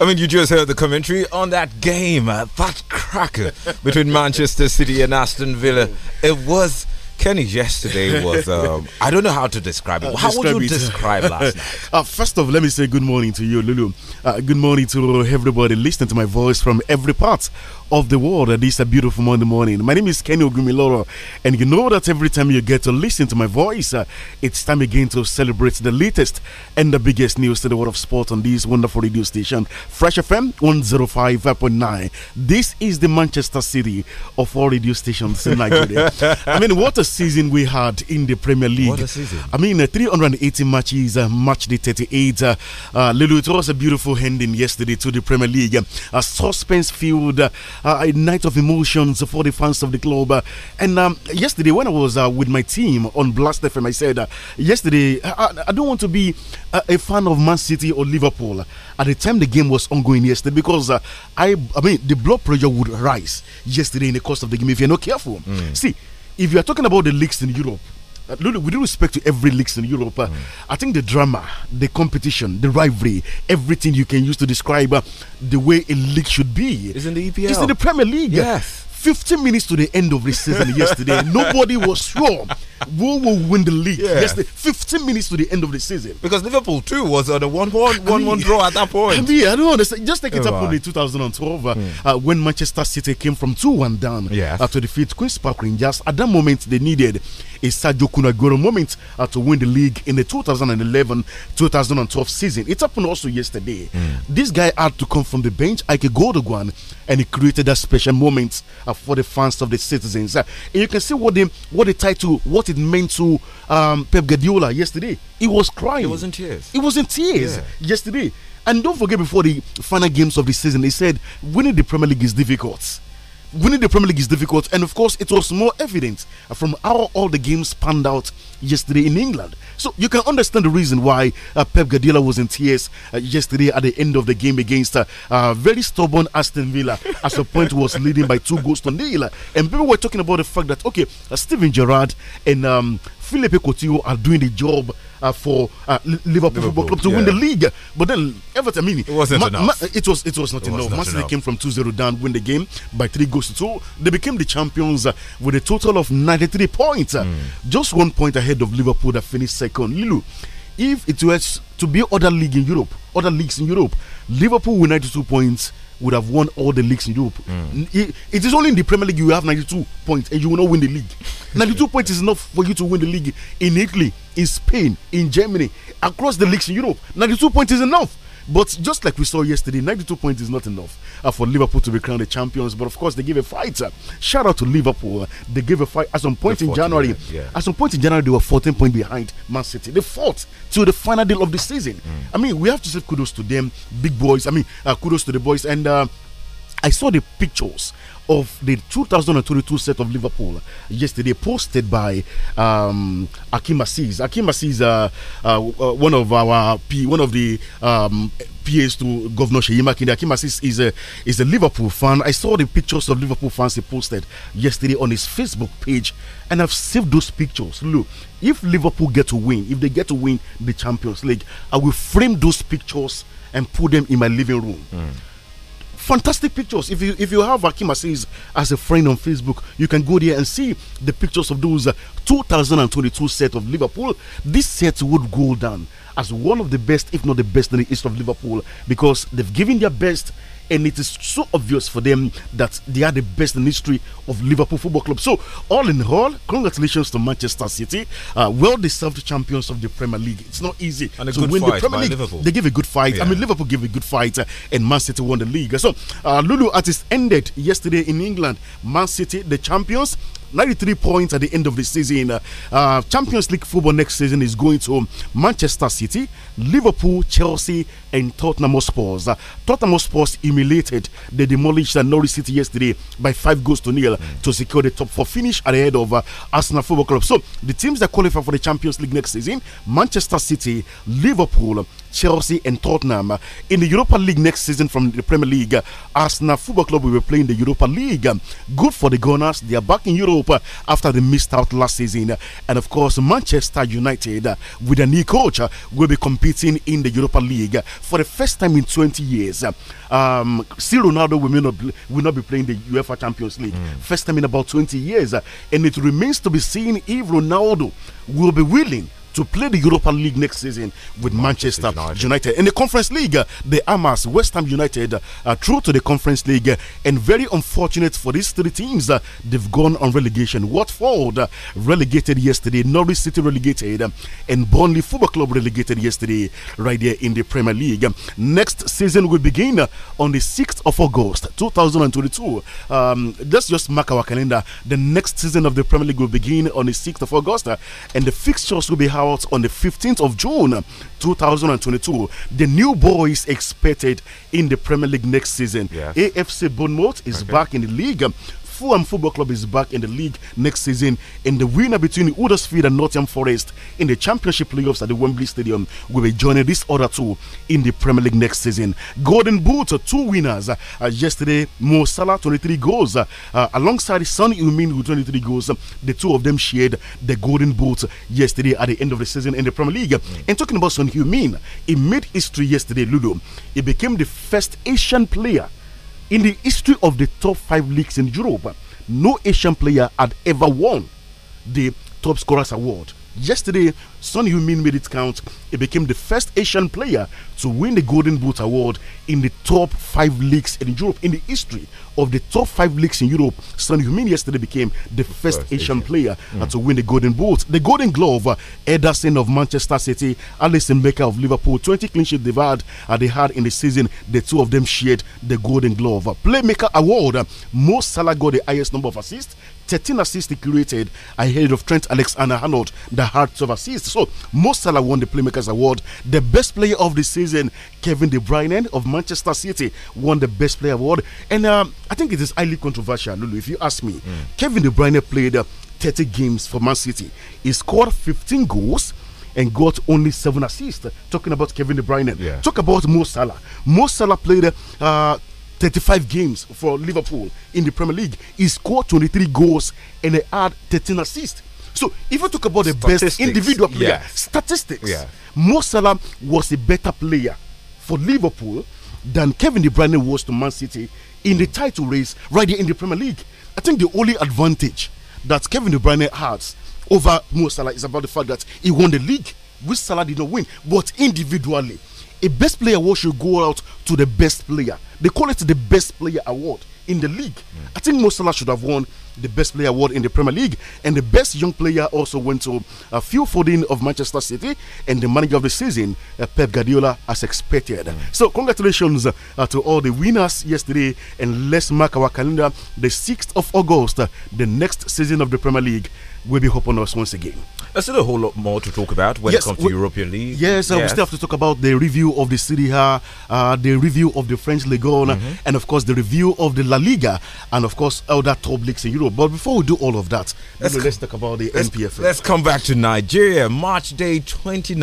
S1: I mean, you just heard the commentary on that game, uh, that cracker between [LAUGHS] Manchester City and Aston Villa. It was Kenny's yesterday was um, I don't know how to describe it. Uh, how describe would you it. describe last [LAUGHS] night? Uh,
S14: first off, let me say good morning to you, Lulu. Uh, good morning to everybody listening to my voice from every part of the world at this a uh, beautiful Monday morning. My name is Kenny Ogumiloro, and you know that every time you get to listen to my voice, uh, it's time again to celebrate the latest and the biggest news to the world of sport on this wonderful radio station, Fresh FM 105.9. This is the Manchester City of all radio stations in Nigeria. [LAUGHS] I mean, what a season we had in the Premier League. What a season. I mean, uh, 380 matches, uh, match the 38. Uh, uh, Lulu, it was a beautiful ending yesterday to the Premier League. A uh, suspense filled, uh, uh, a night of emotions for the fans of the club. and um, yesterday, when I was with my team on Blast FM, I said, yesterday, I, I, don't want to be a fan of Man City or Liverpool at the time the game was ongoing yesterday because I, I mean, the blood pressure would rise yesterday in the course of the game if you're not careful. Mm. See, if you are talking about the leagues in Europe, uh, with due respect to every leagues in Europe, uh, mm. I think the drama, the competition, the rivalry, everything you can use to describe uh, the way a league should be is in
S13: the
S8: EPL.
S14: It's in the Premier League. Yes. 15 minutes to the end of the season yesterday, [LAUGHS] nobody was sure who will win the league. Yeah. Yesterday, 15 minutes to the end of the season. Because Liverpool too
S1: was on a 1-1 one, one, one, draw at that point. I
S14: mean, I don't understand. Just take it oh, up in 2012 uh, hmm. uh, when Manchester City came from 2-1 down yes. after uh, the defeat Queen's Park Rangers. At that moment, they needed is Sadio Kunagoro moment uh, to win the league in the 2011 2012 season. It happened also yesterday. Mm. This guy had to come from the bench, Ike Godoguan, and he created that special moment uh, for the fans of the citizens. Uh, and you can see what the, what the title, what it meant to um, Pep Guardiola yesterday. He was crying. He was in tears. He was in tears yeah. yesterday. And don't forget, before the final games of the season, he said winning the Premier League is difficult winning the Premier League is difficult, and of course, it was more evident from how all the games panned out yesterday in England. So you can understand the reason why uh, Pep Guardiola was in tears uh, yesterday at the end of the game against uh, uh very stubborn Aston Villa as the point was leading by two goals to nil. And people were talking about the fact that okay, uh, Steven Gerrard and um, Philippe Coutinho are doing the job uh, for uh, Liverpool, Football Club to yeah. win the league. But then Everton, I mean, it wasn't Ma enough. Ma it was it was not it enough. Man City came from 2-0 down, win the game by three goals to two. They became the champions uh, with a total of 93 points, mm. just one point ahead of Liverpool that finished second. Lilu, if it was to be other league in Europe, other leagues in Europe, Liverpool with 92 points would have won all the leagues in Europe. Mm. It, it is only in the Premier League you have 92 points and you will not win the league. [LAUGHS] 92 points is enough for you to win the league in Italy, in Spain, in Germany, across the leagues in Europe. 92 points is enough but just like we saw yesterday, 92 points is not enough uh, for Liverpool to be crowned the champions. But of course, they gave a fight. Uh, shout out to Liverpool. Uh, they gave a fight at some point in January. Minutes, yeah. At some point in January, they were 14 points behind Man City. They fought till the final deal of the season. Mm. I mean, we have to say kudos to them, big boys. I mean, uh, kudos to the boys. And uh, I saw the pictures of the 2022 set of Liverpool yesterday, posted by um, Akim Aziz. Akim Aziz, uh, uh, uh, one of our P, one of the um, PAs to Governor Sheyi Makinde. Akim Aziz is a, is a Liverpool fan. I saw the pictures of Liverpool fans he posted yesterday on his Facebook page, and I've saved those pictures. Look, if Liverpool get to win, if they get to win the Champions League, I will frame those pictures and put them in my living room. Mm fantastic pictures. If you if you have Akim as a friend on Facebook, you can go there and see the pictures of those uh, 2022 set of Liverpool. This set would go down as one of the best, if not the best, in the east of Liverpool because they've given their best and it is so obvious for them that they are the best in history of Liverpool Football Club. So, all in all, congratulations to Manchester City, uh, well deserved champions of the Premier League. It's not easy and to win the Premier League. Liverpool. They give a good fight. Yeah. I mean, Liverpool gave a good fight, uh, and Man City won the league. So, uh, Lulu artist ended yesterday in England. Man City, the champions, 93 points at the end of the season. Uh, uh, Champions League football next season is going to Manchester City, Liverpool, Chelsea, and Tottenham Spurs. Uh, Tottenham Spurs humiliated. the demolished uh, Norwich City yesterday by five goals to nil mm. to secure the top four finish at the head of uh, Arsenal Football Club. So the teams that qualify for the Champions League next season: Manchester City, Liverpool, Chelsea and Tottenham. In the Europa League next season from the Premier League, Arsenal Football Club will be playing the Europa League. Good for the Gunners. They are back in Europe after they missed out last season. And of course, Manchester United, with a new coach, will be competing in the Europa League for the first time in 20 years. Um, still, Ronaldo will not, be, will not be playing the UEFA Champions League. Mm. First time in about 20 years. And it remains to be seen if Ronaldo will be willing to play the Europa League next season with Manchester, United. United. In the Conference League, the Amas, West Ham United, are uh, through to the Conference League, uh, and very unfortunate for these three teams, uh, they've gone on relegation. Watford relegated yesterday, Norwich City relegated, and Burnley Football Club relegated yesterday, right there in the Premier League. Next season will begin on the 6th of August 2022. Um, let's just mark our calendar. The next season of the Premier League will begin on the 6th of August, and the fixtures will be held out on the 15th of June 2022. The new boy is expected in the Premier League next season. Yes. AFC Bournemouth is okay. back in the league Fulham Football Club is back in the league next season, and the winner between Huddersfield and Nottingham Forest in the Championship playoffs at the Wembley Stadium will be joining this other two in the Premier League next season. Golden Boot, two winners uh, yesterday. Mo Salah, 23 goals, uh, uh, alongside Son Heung-min with 23 goals. The two of them shared the Golden Boot yesterday at the end of the season in the Premier League. And talking about Son Heung-min, he made history yesterday, Ludo. He became the first Asian player in the history of the top five leagues in Europe, no Asian player had ever won the top scorers award. Yesterday, Son Heung-min made it count. He became the first Asian player to win the Golden Boot Award in the top five leagues in Europe. In the history of the top five leagues in Europe, Son Heung-min yesterday became the first, first Asian, Asian, player uh, mm. to win the Golden Boot. The Golden Glove, uh, Ederson of Manchester City, Alisson Becker of Liverpool, 20 clean sheets they've had, uh, they had in the season. The two of them shared the Golden Glove. Uh, Playmaker Award, Most Mo Salah got the highest number of assists 13 assists he created ahead of Trent Alexander Arnold the had of assists. So Mo Salah won the Playmakers Award. The best player of the season, Kevin De Bruyne of Manchester City, won the best player award. And um, I think it is highly controversial, Lulu, if you ask me. Mm. Kevin De Bruyne played uh, 30 games for Man City. He scored 15 goals and got only seven assists. Talking about Kevin De Bruyne. Yeah. Talk about Mo Salah. Mo Salah played uh, 35 games for Liverpool in the Premier League. He scored 23 goals and he had 13 assists. So if you talk about the best individual player, statistics, yeah. Mo Salah was a better player for Liverpool than Kevin De Bruyne was to Man City in the title race right here in the Premier League. I think the only advantage that Kevin De Bruyne has over Mo Salah is about the fact that he won the league, which Salah did not win. But individually, a best player award should go out to the best player. They call it the best player award in the league. Mm. I think Mo Salah should have won the best player award in the Premier League, and the best young player also went to uh, few Foden of Manchester City, and the manager of the season, uh, Pep Guardiola, as expected. Mm. So, congratulations uh, to all the winners yesterday, and let's mark our calendar the 6th of August, uh, the next season of the Premier League will be upon us once again.
S1: There's still a whole lot more to talk about when yes, it comes to we, European League. Yes, uh, we still
S14: have to talk about the review of the Serie A, uh, the review of the French Ligue 1, mm -hmm. and of course the review of the La Liga, and of course other top leagues in Europe. But before we do all of that, let's, let's talk about the NPFL.
S1: Let's come back to Nigeria, March day 29.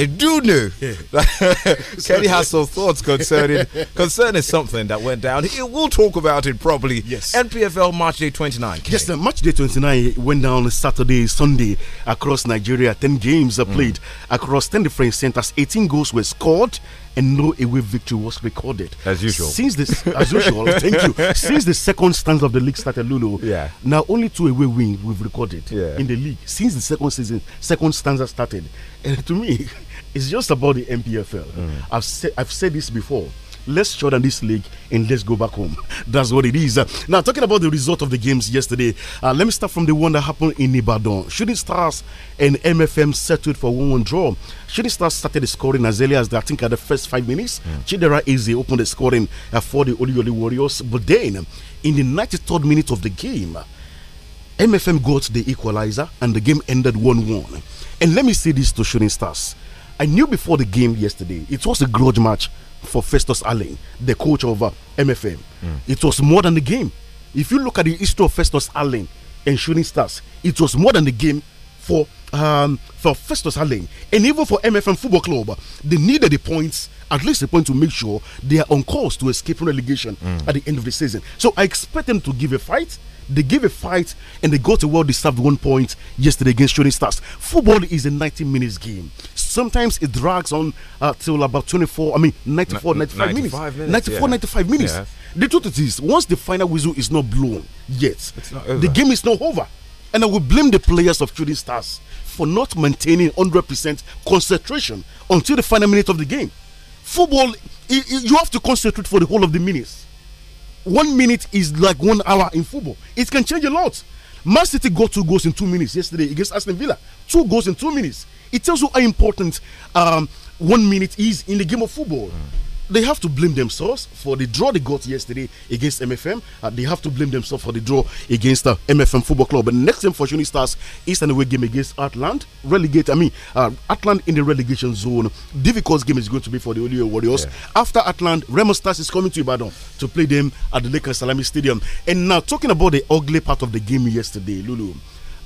S1: I do know that [LAUGHS] [LAUGHS] Kenny has some thoughts concerning [LAUGHS] concerning something that went down. He will talk about it properly. Yes.
S14: NPFL March day 29. Yes, the March day 29 went down Saturday, Sunday across Nigeria. 10 games are played mm. across 10 different centers. 18 goals were scored and no away victory was recorded. As usual. Since this, as usual, [LAUGHS] thank you. Since the second stanza of the league started, Lulu, yeah. now only two away wins we've recorded yeah. in the league since the second season, second stanza started. And to me, [LAUGHS] it's just about the MPFL. Mm. I've said I've said this before. Let's show them this league and let's go back home. [LAUGHS] That's what it is. Now, talking about the result of the games yesterday, uh, let me start from the one that happened in Ibadan. Shooting Stars and MFM settled for 1 1 draw. Shooting Stars started scoring as early as the, I think at the first five minutes. Yeah. Hmm. Chidera Eze opened the scoring uh, for the Olioli Warriors. But then, in the 93rd minute of the game, MFM got the equalizer and the game ended 1 1. And let me say this to Shooting Stars. I knew before the game yesterday, it was a grudge match for Festus Allen, the coach of uh, MFM. Mm. It was more than the game. If you look at the history of Festus Allen and shooting stars, it was more than the game for um, for Festus Allen and even for MFM Football Club. They needed the points, at least the point to make sure they are on course to escape relegation mm. at the end of the season. So I expect them to give a fight. They gave a fight and they to world. well deserved one point yesterday against Shooting Stars. Football is a 90 minutes game. Sometimes it drags on uh, till about 24, I mean, 94, N 95, 95 minutes. 94, yeah. 95 minutes. The truth is, once the final whistle is not blown yet, not the game is not over. And I will blame the players of Shooting Stars for not maintaining 100% concentration until the final minute of the game. Football, you have to concentrate for the whole of the minutes one minute is like one hour in football. It can change a lot. Man City got two goals in two minutes yesterday against Aston Villa. Two goals in two minutes. It tells you how important um, one minute is in the game of football. Mm they have to blame themselves for the draw they got yesterday against MFM. Uh, they have to blame themselves for the draw against uh, MFM Football Club. But next time, for Shuni Stars is an away game against Atland. Relegate, I mean, uh, Atland in the relegation zone. Difficult game is going to be for the Olio Warriors. Yeah. After Atland, Remo Stars is coming to Ibadan to play them at the Lakers Salami Stadium. And now, talking about the ugly part of the game yesterday, Lulu.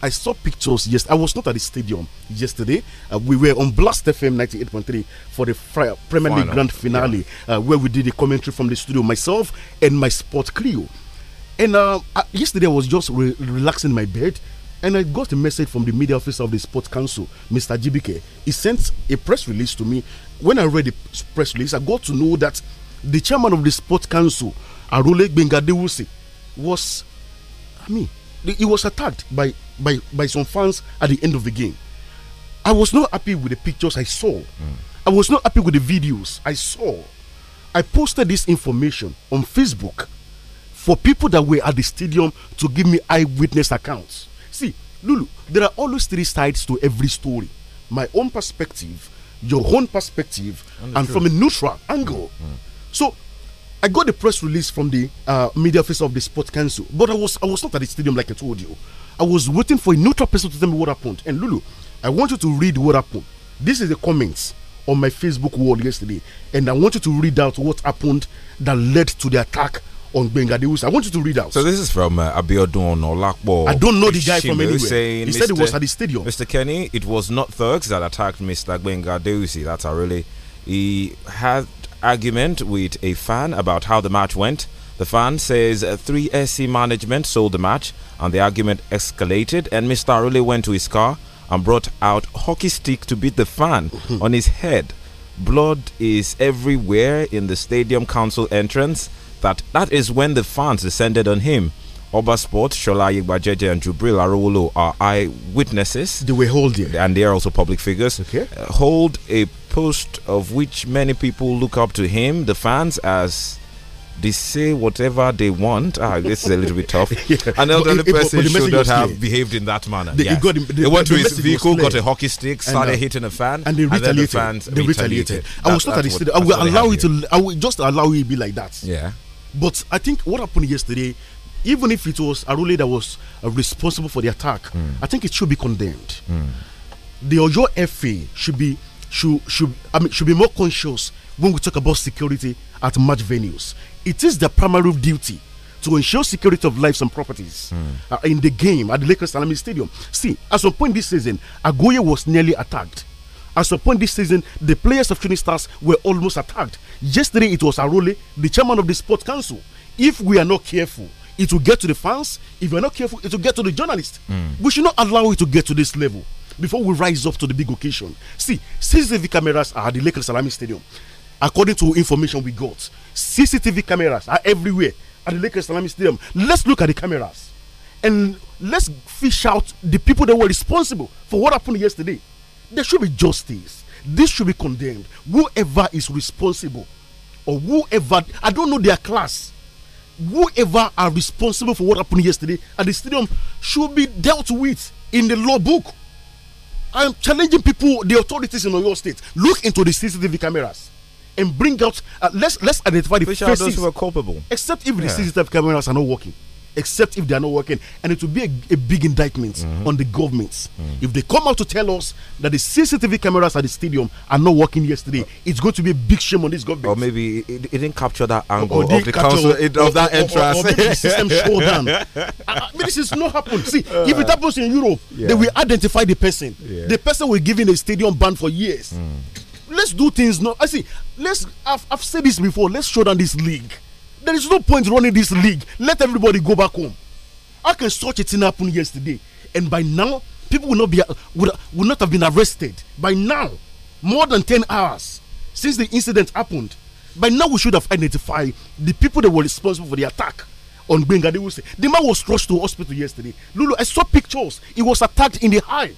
S14: I saw pictures. Yes, I was not at the stadium yesterday. Uh, we were on Blast FM 98.3 for the Premier Final. League Grand Finale, yeah. uh, where we did the commentary from the studio, myself and my sport crew. And uh, yesterday, I was just re relaxing my bed. And I got a message from the media officer of the Sport Council, Mr. GBK. He sent a press release to me. When I read the press release, I got to know that the chairman of the Sport Council, Arule Bengadewusi, was, I mean, he was attacked by by by some fans at the end of the game. I was not happy with the pictures I saw. Mm. I was not happy with the videos I saw. I posted this information on Facebook for people that were at the stadium to give me eyewitness accounts. See, Lulu, there are always three sides to every story. My own perspective, your own perspective, and, and from a neutral angle. Mm. Mm. So I got the press release from the uh, media office of the Sport Council, but I was I was not at the stadium like I told you. I was waiting for a neutral person to tell me what happened. And Lulu, I want you to read what happened. This is the comments on my Facebook wall yesterday, and I want you to read out what happened that led to the attack on Benga Dewis.
S1: I want you to read out. So this is from uh, Abiodun Olakbo. I don't know the guy from anywhere. Saying, he Mr. said it was at the stadium. Mr. Kenny, it was not thugs that attacked Mr. Benga Dewis. That's a really he had argument with a fan about how the match went. The fan says uh, 3SC management sold the match, and the argument escalated. And Mr. Arule went to his car and brought out hockey stick to beat the fan [LAUGHS] on his head. Blood is everywhere in the stadium council entrance. That that is when the fans descended on him. Oba Sport, Shola Yigbajeje, and Jubril Arowolo are eyewitnesses. Do we hold you? And they are also public figures. Okay. Uh, hold a post of which many people look up to him, the fans, as they say whatever they want. Ah, this is a little bit tough. [LAUGHS] yeah. An elderly it, person should not have clear. behaved in that manner. The, yes. got, the, they went the, to his vehicle, got a hockey stick, started and, uh, hitting a fan, and, they and then the fans they retaliated. retaliated. I will not at I will allow it
S14: to. I will just allow it to be like that. Yeah. But I think what happened yesterday, even if it was Arule that was uh, responsible for the attack, mm. I think it should be condemned. Mm. The Oyo FA should be should should I mean should be more conscious when we talk about security at match venues. It is their primary duty to ensure security of lives and properties mm. uh, in the game at the Lakers Salami Stadium. See, at some point this season, Agoye was nearly attacked. At some point this season, the players of Shooting Stars were almost attacked. Yesterday, it was Arole, the chairman of the Sports Council. If we are not careful, it will get to the fans. If we are not careful, it will get to the journalists. Mm. We should not allow it to get to this level before we rise up to the big occasion. See, CCTV cameras are at the Lake Salami Stadium. According to information we got, CCTV cameras are everywhere at the Lake Salami Stadium. Let's look at the cameras and let's fish out the people that were responsible for what happened yesterday. There should be justice. This should be condemned. Whoever is responsible or whoever, I don't know their class whoever are responsible for what happened yesterday at the stadium should be dealt with in the law book. I'm challenging people, the authorities in your state, look into the CCTV cameras and bring out. Uh, let's let's identify the Which faces. those who are culpable. Except if yeah. the CCTV cameras are not working except if they are not working. And it will be a, a big indictment mm -hmm. on the governments. Mm -hmm. If they come out to tell us that the CCTV cameras at the stadium are not working yesterday, uh, it's going to
S1: be a big shame on this government. Or maybe it, it didn't capture that angle or, or of the council, or, of that entrance. Or, maybe the system showed [LAUGHS] down.
S14: I mean, this is not happened. See, uh, if it uh, happens in Europe, yeah. they will identify the person. Yeah. The person will give in a stadium ban for years. Mm. Let's do things now. I see. Let's. I've, I've said this before. Let's show down this league there is no point running this league. Let everybody go back home. How can such a thing happen yesterday? And by now, people will not be uh, would, would not have been arrested. By now, more than 10 hours since the incident happened. By now, we should have identified the people that were responsible for the attack on Benga. They will say the man was rushed to hospital yesterday. Lulu, I saw pictures. He was attacked in the eye.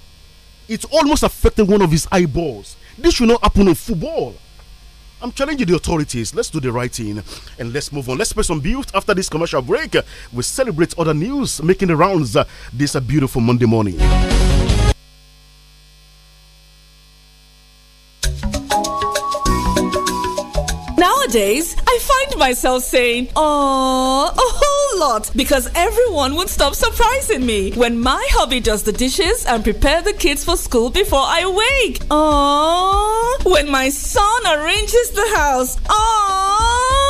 S14: It almost affected one of his eyeballs. This should not happen in football. I'm challenging the authorities. Let's do the right thing and let's move on. Let's pay some bills after this commercial break. We celebrate other news making the rounds uh, this a uh, beautiful Monday morning.
S15: Nowadays, I find myself saying, "Aww," a whole lot because everyone would stop surprising me when my hubby does the dishes and prepare the kids for school before I wake. Aww, when my son arranges the house. Aww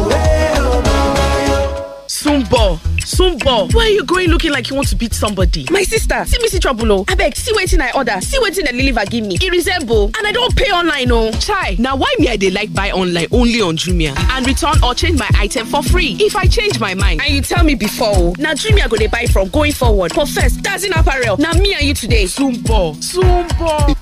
S6: sunball sunball why are you going looking like you want to beat somebody my sister see me see trouble oh I beg, see wetin i order see wetin that deliver give me e resemble oh. and i don't pay online oh chai now. why me i dey like buy online only on jumia and return or change my item for free if i change my mind and you tell me before oh Now jumia go dey buy from going forward for first dazin apparel Now me and you today sunball sunball.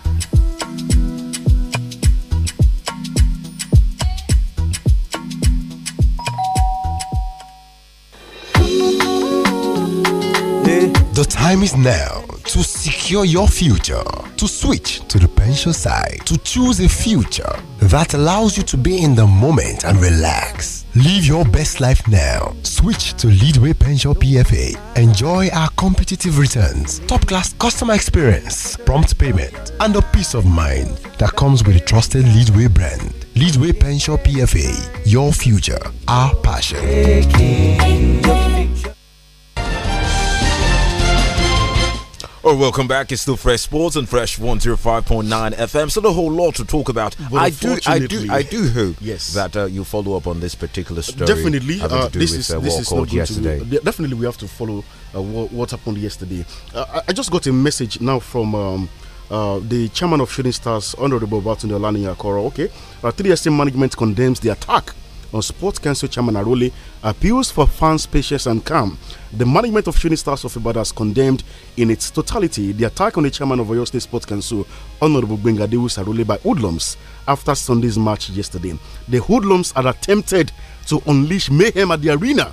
S5: The time is now to secure your future, to switch to the pension side, to choose a future that allows you to be in the moment
S16: and relax.
S5: Live your best life now. Switch to Leadway Pension PFA. Enjoy our competitive returns, top class customer experience, prompt payment, and the peace of mind that comes with a trusted Leadway brand. Leadway Pension PFA.
S10: Your future, our passion.
S1: Or welcome back. It's still Fresh Sports and Fresh 105.9 FM. So the whole lot to talk about. But I do I do I do hope yes. that uh, you follow up on this particular story. Definitely. Uh, this with, is uh, this is not yesterday. To, uh, definitely we have to
S14: follow uh, what, what, happened yesterday. Uh, I, I, just got a message now from um, uh, the chairman of Shooting Stars, Honorable Batunde Olani okay, uh, 3SM management condemns the attack on Sports Council Chairman Arole appeals for fans' patience and calm. The management of Shooting Stars of Ibadan has condemned in its totality the attack on the chairman of Oyo State Sports Council, Honorable Benga Dewis by hoodlums after Sunday's match yesterday. The hoodlums had attempted to unleash mayhem at the arena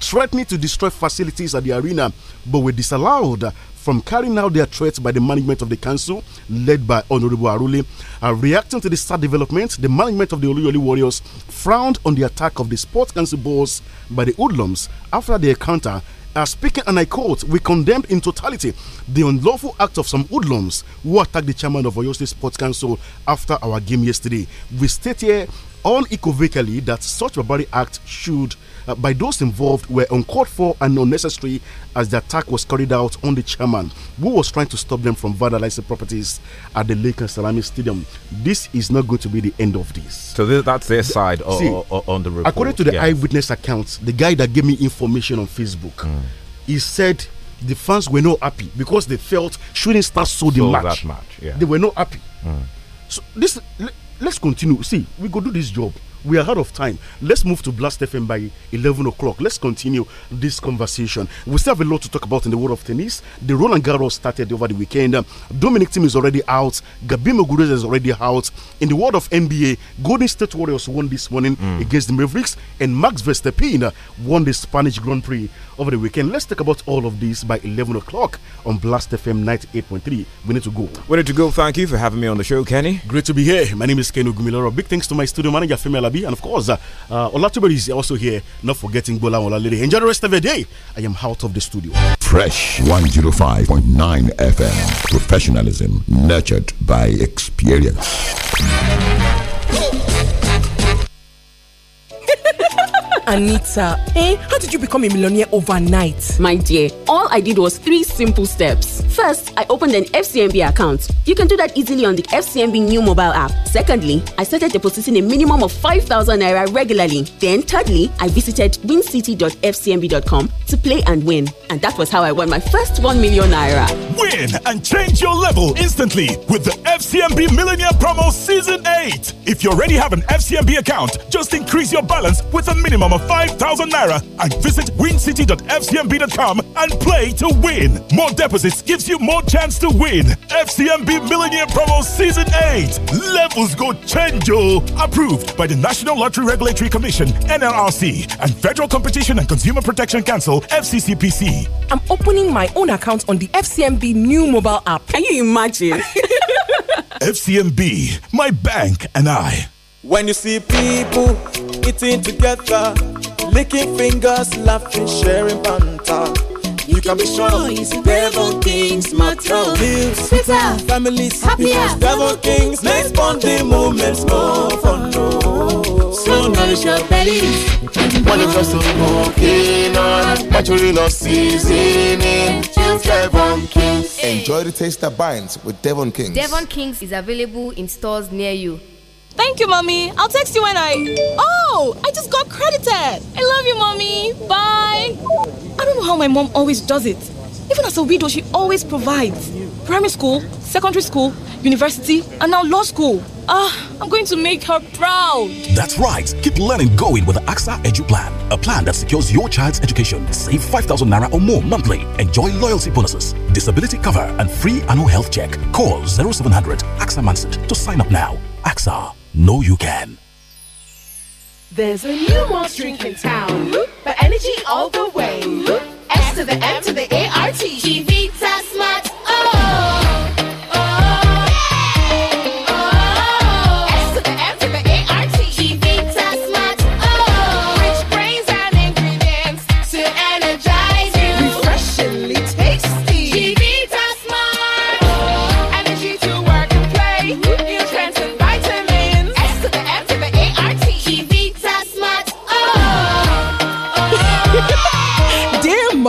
S14: threatening to destroy facilities at the arena, but were disallowed from carrying out their threats by the management of the council, led by Honorable Arule. Uh, reacting to the sad development, the management of the Oluyole Warriors frowned on the attack of the sports council boss by the hoodlums after the encounter as speaking, and I quote, we condemned in totality the unlawful act of some hoodlums who attacked the chairman of Oyo State Sports Council after our game yesterday. We state here unequivocally that such barbaric act should uh, by those involved were uncalled for and unnecessary as the attack was carried out on the chairman who was trying to stop them from vandalizing properties at the Lakers Salami Stadium. This is not going to be the end of this.
S1: So th that's their side the, see, or, or, on the report. According to
S14: the yes. eyewitness accounts, the guy that gave me information on Facebook, mm. he said the fans were not happy because they felt shooting stars sold the match. match yeah. They were not happy. Mm. So this let's continue. See, we go do this job we are out of time. Let's move to Blast FM by 11 o'clock. Let's continue this conversation. We still have a lot to talk about in the world of tennis. The Roland Garros started over the weekend. Dominic Team is already out. Gabi Muguruza is already out. In the world of NBA, Golden State Warriors won this morning mm. against the Mavericks, and Max Verstappen won the Spanish Grand Prix over the weekend. Let's talk about all of this by 11 o'clock on Blast FM 98.3. We need to go. We need to go. Thank you for having me on the show, Kenny. Great to be here. My name is Kenny Gumiloro. Big thanks to my studio manager, Femi Alabi, and of course, uh, uh Olatuberi is also here. Not forgetting Bola Olalere. Enjoy the rest of the day. I am out of the
S8: studio. Fresh 105.9 FM. Professionalism nurtured by experience.
S7: Anita, eh? How did you become a millionaire overnight? My dear, all I did was three simple steps. First, I opened an FCMB account. You can do that easily on the FCMB new mobile app. Secondly, I started depositing a minimum of 5,000 naira regularly. Then, thirdly, I visited wincity.fcmb.com to play and win. And that was how I won my first 1 million naira.
S8: Win and change your level instantly with the FCMB Millionaire Promo Season 8. If you already have an FCMB account, just increase your balance with a minimum of 5,000 naira and visit wincity.fcmb.com and play to win. More deposits gives you more chance to win. FCMB Millennium Promo Season 8. Levels go change. Approved by the National Lottery Regulatory Commission, NLRC, and Federal Competition and Consumer Protection Council, FCCPC.
S16: I'm opening my own account on the FCMB new mobile app. Can you imagine? [LAUGHS]
S8: FCMB, my bank and I.
S12: When you see people eating together, licking fingers, laughing, sharing banter. You, can be sure it's Devil Kings matter. Lives sweeter, families happier. Devil Kings makes bonding moments more fun. No. So
S5: nourish your belly. When it comes to smoking on, naturally love seasoning. Devon
S1: Kings. Enjoy the taste that binds with Devon Kings. Devon
S15: Kings is available in stores near you. Thank you, Mommy. I'll text you when I...
S4: Oh, I just got credited. I
S15: love you, Mommy. Bye.
S4: I don't know how my mom always does it. Even as a widow, she always provides. Primary school, secondary school,
S15: university, and now law school. Ah, uh, I'm going to make her proud.
S8: That's right. Keep learning going with the AXA Edu Plan, a plan that secures your child's education. Save 5,000 naira or more monthly. Enjoy loyalty bonuses, disability cover, and free annual health check. Call 0700
S1: AXA Manset to sign up now. AXA know you can.
S16: There's a new monster drink in town, but energy all the way. S to the M to the A R T G V.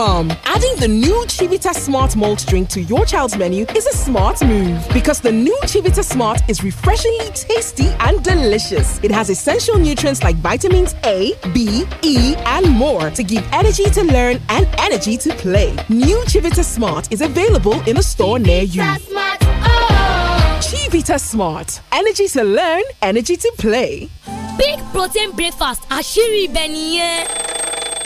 S16: mom. Adding the new Chivita Smart Malt drink to your child's menu is a smart move because the new Chivita Smart is refreshingly tasty and delicious. It has essential nutrients like vitamins A, B, E, and more to give energy to learn and energy to play. New Chivita Smart is available in a store Chivita near you.
S17: Smart.
S15: Oh!
S16: Chivita Smart. Energy to learn, energy to play.
S15: Big protein breakfast. Ashiri Benye.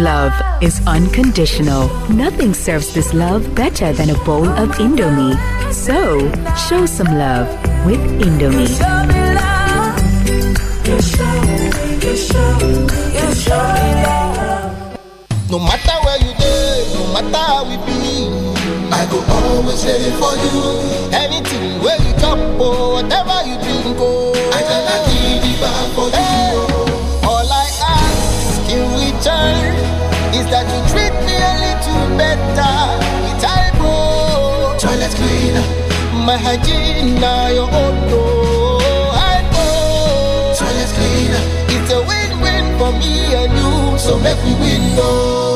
S15: love is unconditional. Nothing serves this love better than a bowl of Indomie. So, show some love with Indomie.
S16: No matter where you go, no matter how we be, I go always
S10: ready for you. Anything where you oh. that's clean. My hygiene, now your own door. I know. Toilet's clean. It's a win-win for me and you, so make we win,
S8: no. Oh.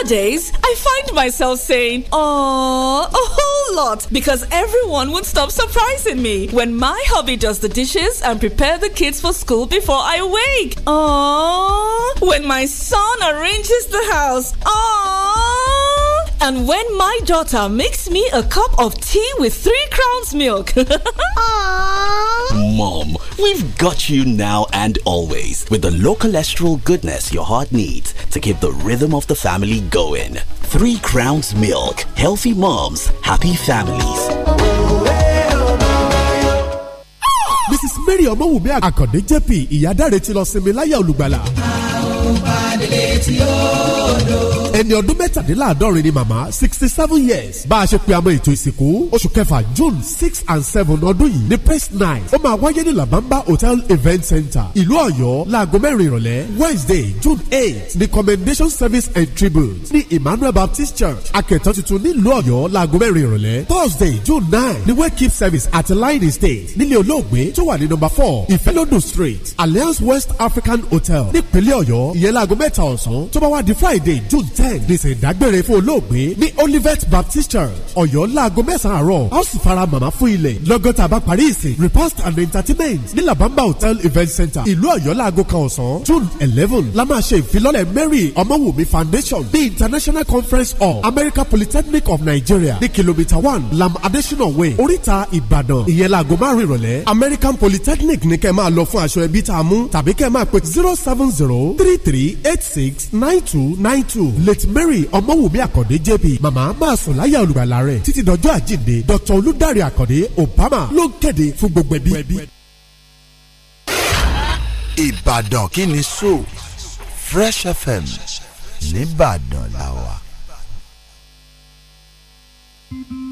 S15: Nowadays, I find myself saying, "Oh, a whole lot," because everyone would stop surprising me when my hubby does the dishes and prepare the kids for school before I wake. Oh, when my son arranges the house. Oh, And when my daughter makes me a cup of tea with three crowns milk. [LAUGHS]
S8: mom. We've got
S7: you now and always with the low cholesterol goodness your heart needs to keep the rhythm of the family going. Three Crowns Milk. Healthy moms, happy families.
S5: Mrs. Mary Ọmọwùmí Àkàndé JP, ìyá dáre ti lọ ẹni ọdún mẹ́tàdínláàdọ́rin ni màmá sixty seven years bá a ṣe pe àmọ́ ètò ìsìnkú oṣù kẹfà june six and seven ọdún yìí ní press night ó máa wáyé ní labamba hotel event center ìlú ọ̀yọ́ láago mẹ́rin ìrọ̀lẹ́ wednesday june eight ní commendation service and tribute ní emmanuel baptist church akẹ́tọ́ tuntun nílùú ọ̀yọ́ láago mẹ́rin ìrọ̀lẹ́ thursday june nine ní wake keep service at line State. nílé olóògbé tó wà ní number four Ifelodun street alliance west african hotel nípínlẹ̀ ọ̀yọ́ ìyẹn láago mẹ́ta ọ̀sán tó bá wá di friday june ten gbèsè ìdágbére fún olóògbé ní olivet baptist church ọ̀yọ́ láago mẹ́sàn-án àárọ̀ a ó sì fara màmá fún ilẹ̀ lọ́gọ́ta bá parí ìsìn repast and entertainment ní labamba hotel event center ìlú ọ̀yọ́ láago kan ọ̀sán june eleven la máa ṣe ìfilọ́lẹ̀ mary ọmọwùmí foundation The international conference hall america polytechnic of nigeria ní kìlómítà one lam adesina way oríta ìbàdàn ìyẹn láago márùn ìrọ̀lẹ́ american polytechnic ní kẹ́ máa lọ fún aṣọ ẹbí tá a mú tàbí kẹ́ máa pè zero seven zero three three eight six nine two nine two late Mary ọmọwùmí àkàndé jp màmá máa sùn láyà olùgbàlà rẹ̀ títí dọjọ́ àjíǹde Dr olùdarí àkàndé obama ló ń kéde fún gbogbo ẹbí.
S10: Ìbàdàn kí ni so Fresh FM nìbàdàn làwà. thank you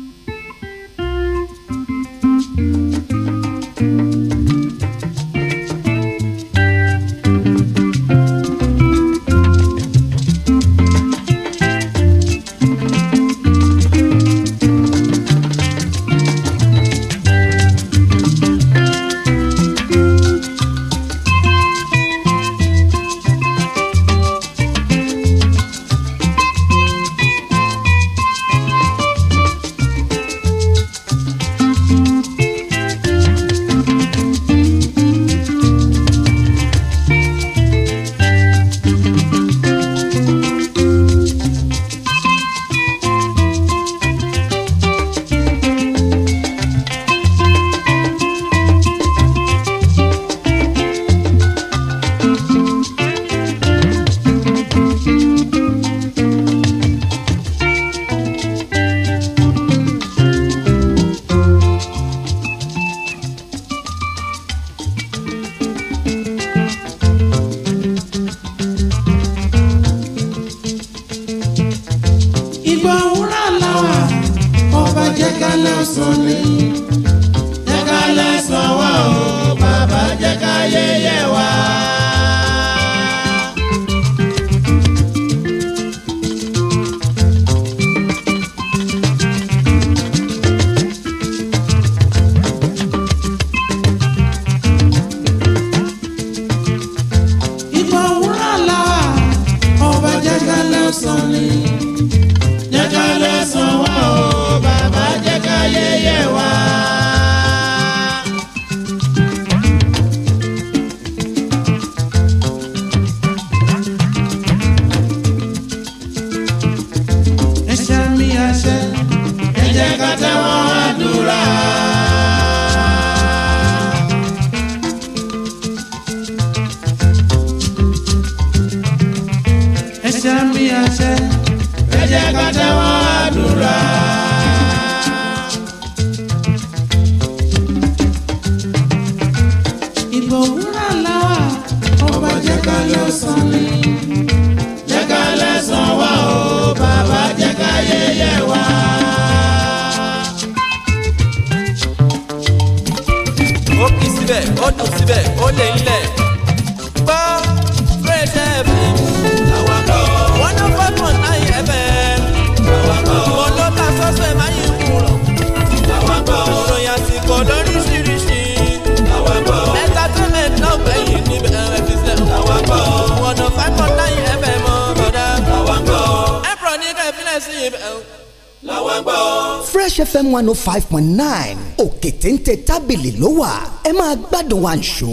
S7: Oh five point nine òkè téńté tábìlì ló wà ẹ máa gbádùn wa ń ṣó.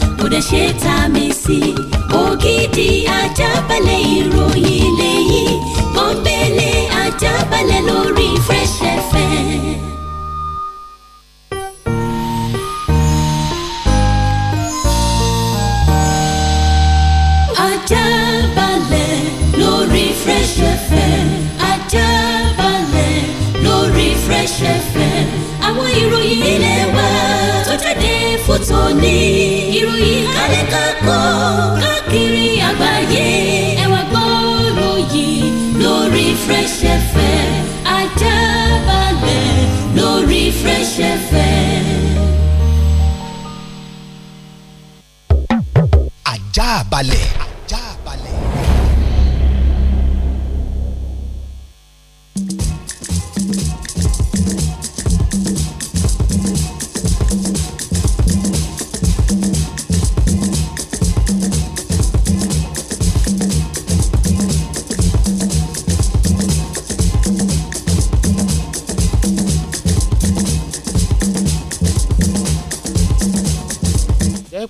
S15: kò dẹ̀ ṣe tá a mi sí. ògidì ajábalẹ̀ ìròyìn lẹ́yìn pọ́npẹ́lẹ́ ajábalẹ̀ lórí Fresh FM. ajábalẹ̀ lórí Fresh FM ajábalẹ̀ lórí Fresh FM wa tó jáde fótó ní ìròyìn kálẹ̀ kákọ́ káàkiri àgbáyé ẹ wá gbọ́rọ̀ yìí lórí Fresh FM ajá balẹ̀
S17: lórí Fresh FM.
S4: ajá balẹ̀.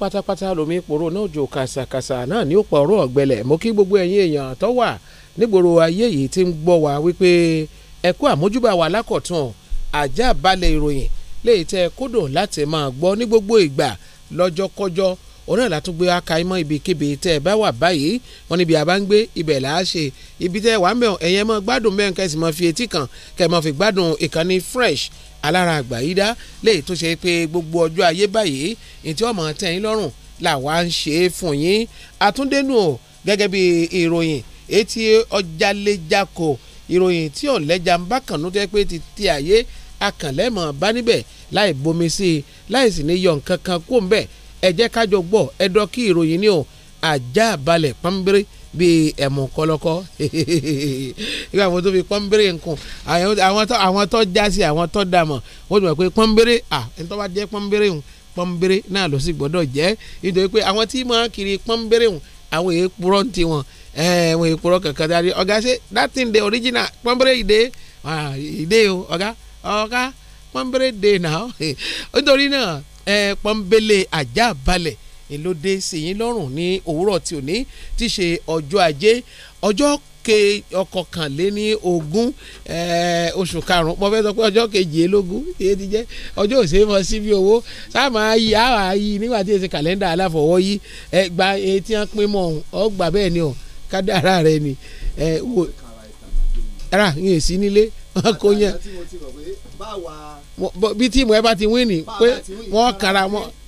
S18: pátápátá lomi ìpòrò náà jò kàṣàkàṣà náà ní òpò ọ̀rọ̀ ọ̀gbẹ́lẹ̀ mo kí gbogbo ẹ̀yin èèyàn tó wà nígboro ayé yìí ti ń gbọ́ wa wípé ẹ kú àmójúbà wa lákọ̀tún àjá balẹ̀ ìròyìn léyìí tẹ́ kódò láti máa gbọ́ ní gbogbo ìgbà lọ́jọ́kọ́jọ́ ọ̀nà ìlàtúgbé akaimọ́ ibikíbi tẹ́ ẹ bá wà báyìí wọn níbi àbá ń gbé ibẹ̀ là á ṣe ibi tẹ́ ẹ wà ń bẹ̀ ẹ̀yẹn mọ́ gbádùn mẹ́rin kẹ́sì mọ́ fi etí kan kẹ́ mọ́ fi gbádùn ìkànnì fresh alára àgbà yìí dá léyìí tó ṣe pé gbogbo ọjọ́ ayé báyìí ìtí ọmọ tẹ̀yìn lọ́rùn làwa ń ṣe é fún yín àtúndénú o gẹ́gẹ́ bí ìròyìn etí ọjàlẹ́jàkọ ìròyìn tí ò lẹ́jà ń bá kànú tẹ́ pé ti ti àyè akànlẹ́mọ̀ bá níbẹ̀ láì bomi sí i láì sì ní yọ nǹkan kan kó ń bẹ̀ ẹ kájọ gbọ́ ẹ̀dọ́ kí ìròyìn ni o àjà balẹ̀ pọ́nbẹ́rẹ́ bíi ẹ̀mú kọ́lọ́kọ́ nígbà wọn tó fi pọ́nbéré nǹkan àwọn tó já sí àwọn tó dà mọ̀ wọ́n ti mọ̀ pé pọ́nbéré à ẹni tó bá jẹ́ pọ́nbéré hùn pọ́nbéré náà ló sì gbọ́dọ̀ jẹ́ nítorí pé àwọn tí máa kiri pọ́nbéré hùn àwọn èyí purọ́ ti wọn àwọn èyí purọ́ kankan dárí ọ̀gá ṣe that thing dey original pọ́nbéré ìdè ìdè o ọ̀gá ọ̀gá pọ́nbéré dè náà [LAUGHS] nítorí náà pọ́nbélé àjà balẹ̀ ìlódé sí yín lọ́rùn ní òwúrọ̀ tí ò ní ti ṣe ọjọ́ ajé ọjọ́ ke ọkọkànléní ogún eh, oṣù karùn-ún mo fẹ́ sọ pé ọjọ́ kejìlélógún èyí ti jẹ́ ọjọ́ òsèmọ síbi owó sáàmà yí àwà yí nígbà tí èsì kàlẹ́ndà aláfọwọ́ yí ẹ gba èyí pín mọ́ ọ bẹ́ẹ̀ ni ọ kádàrá rẹ ni ẹ wò rà yín èsì nílé wọn kò yẹn bí tíìmù ẹ bá ti wí nì pé wọ́n kara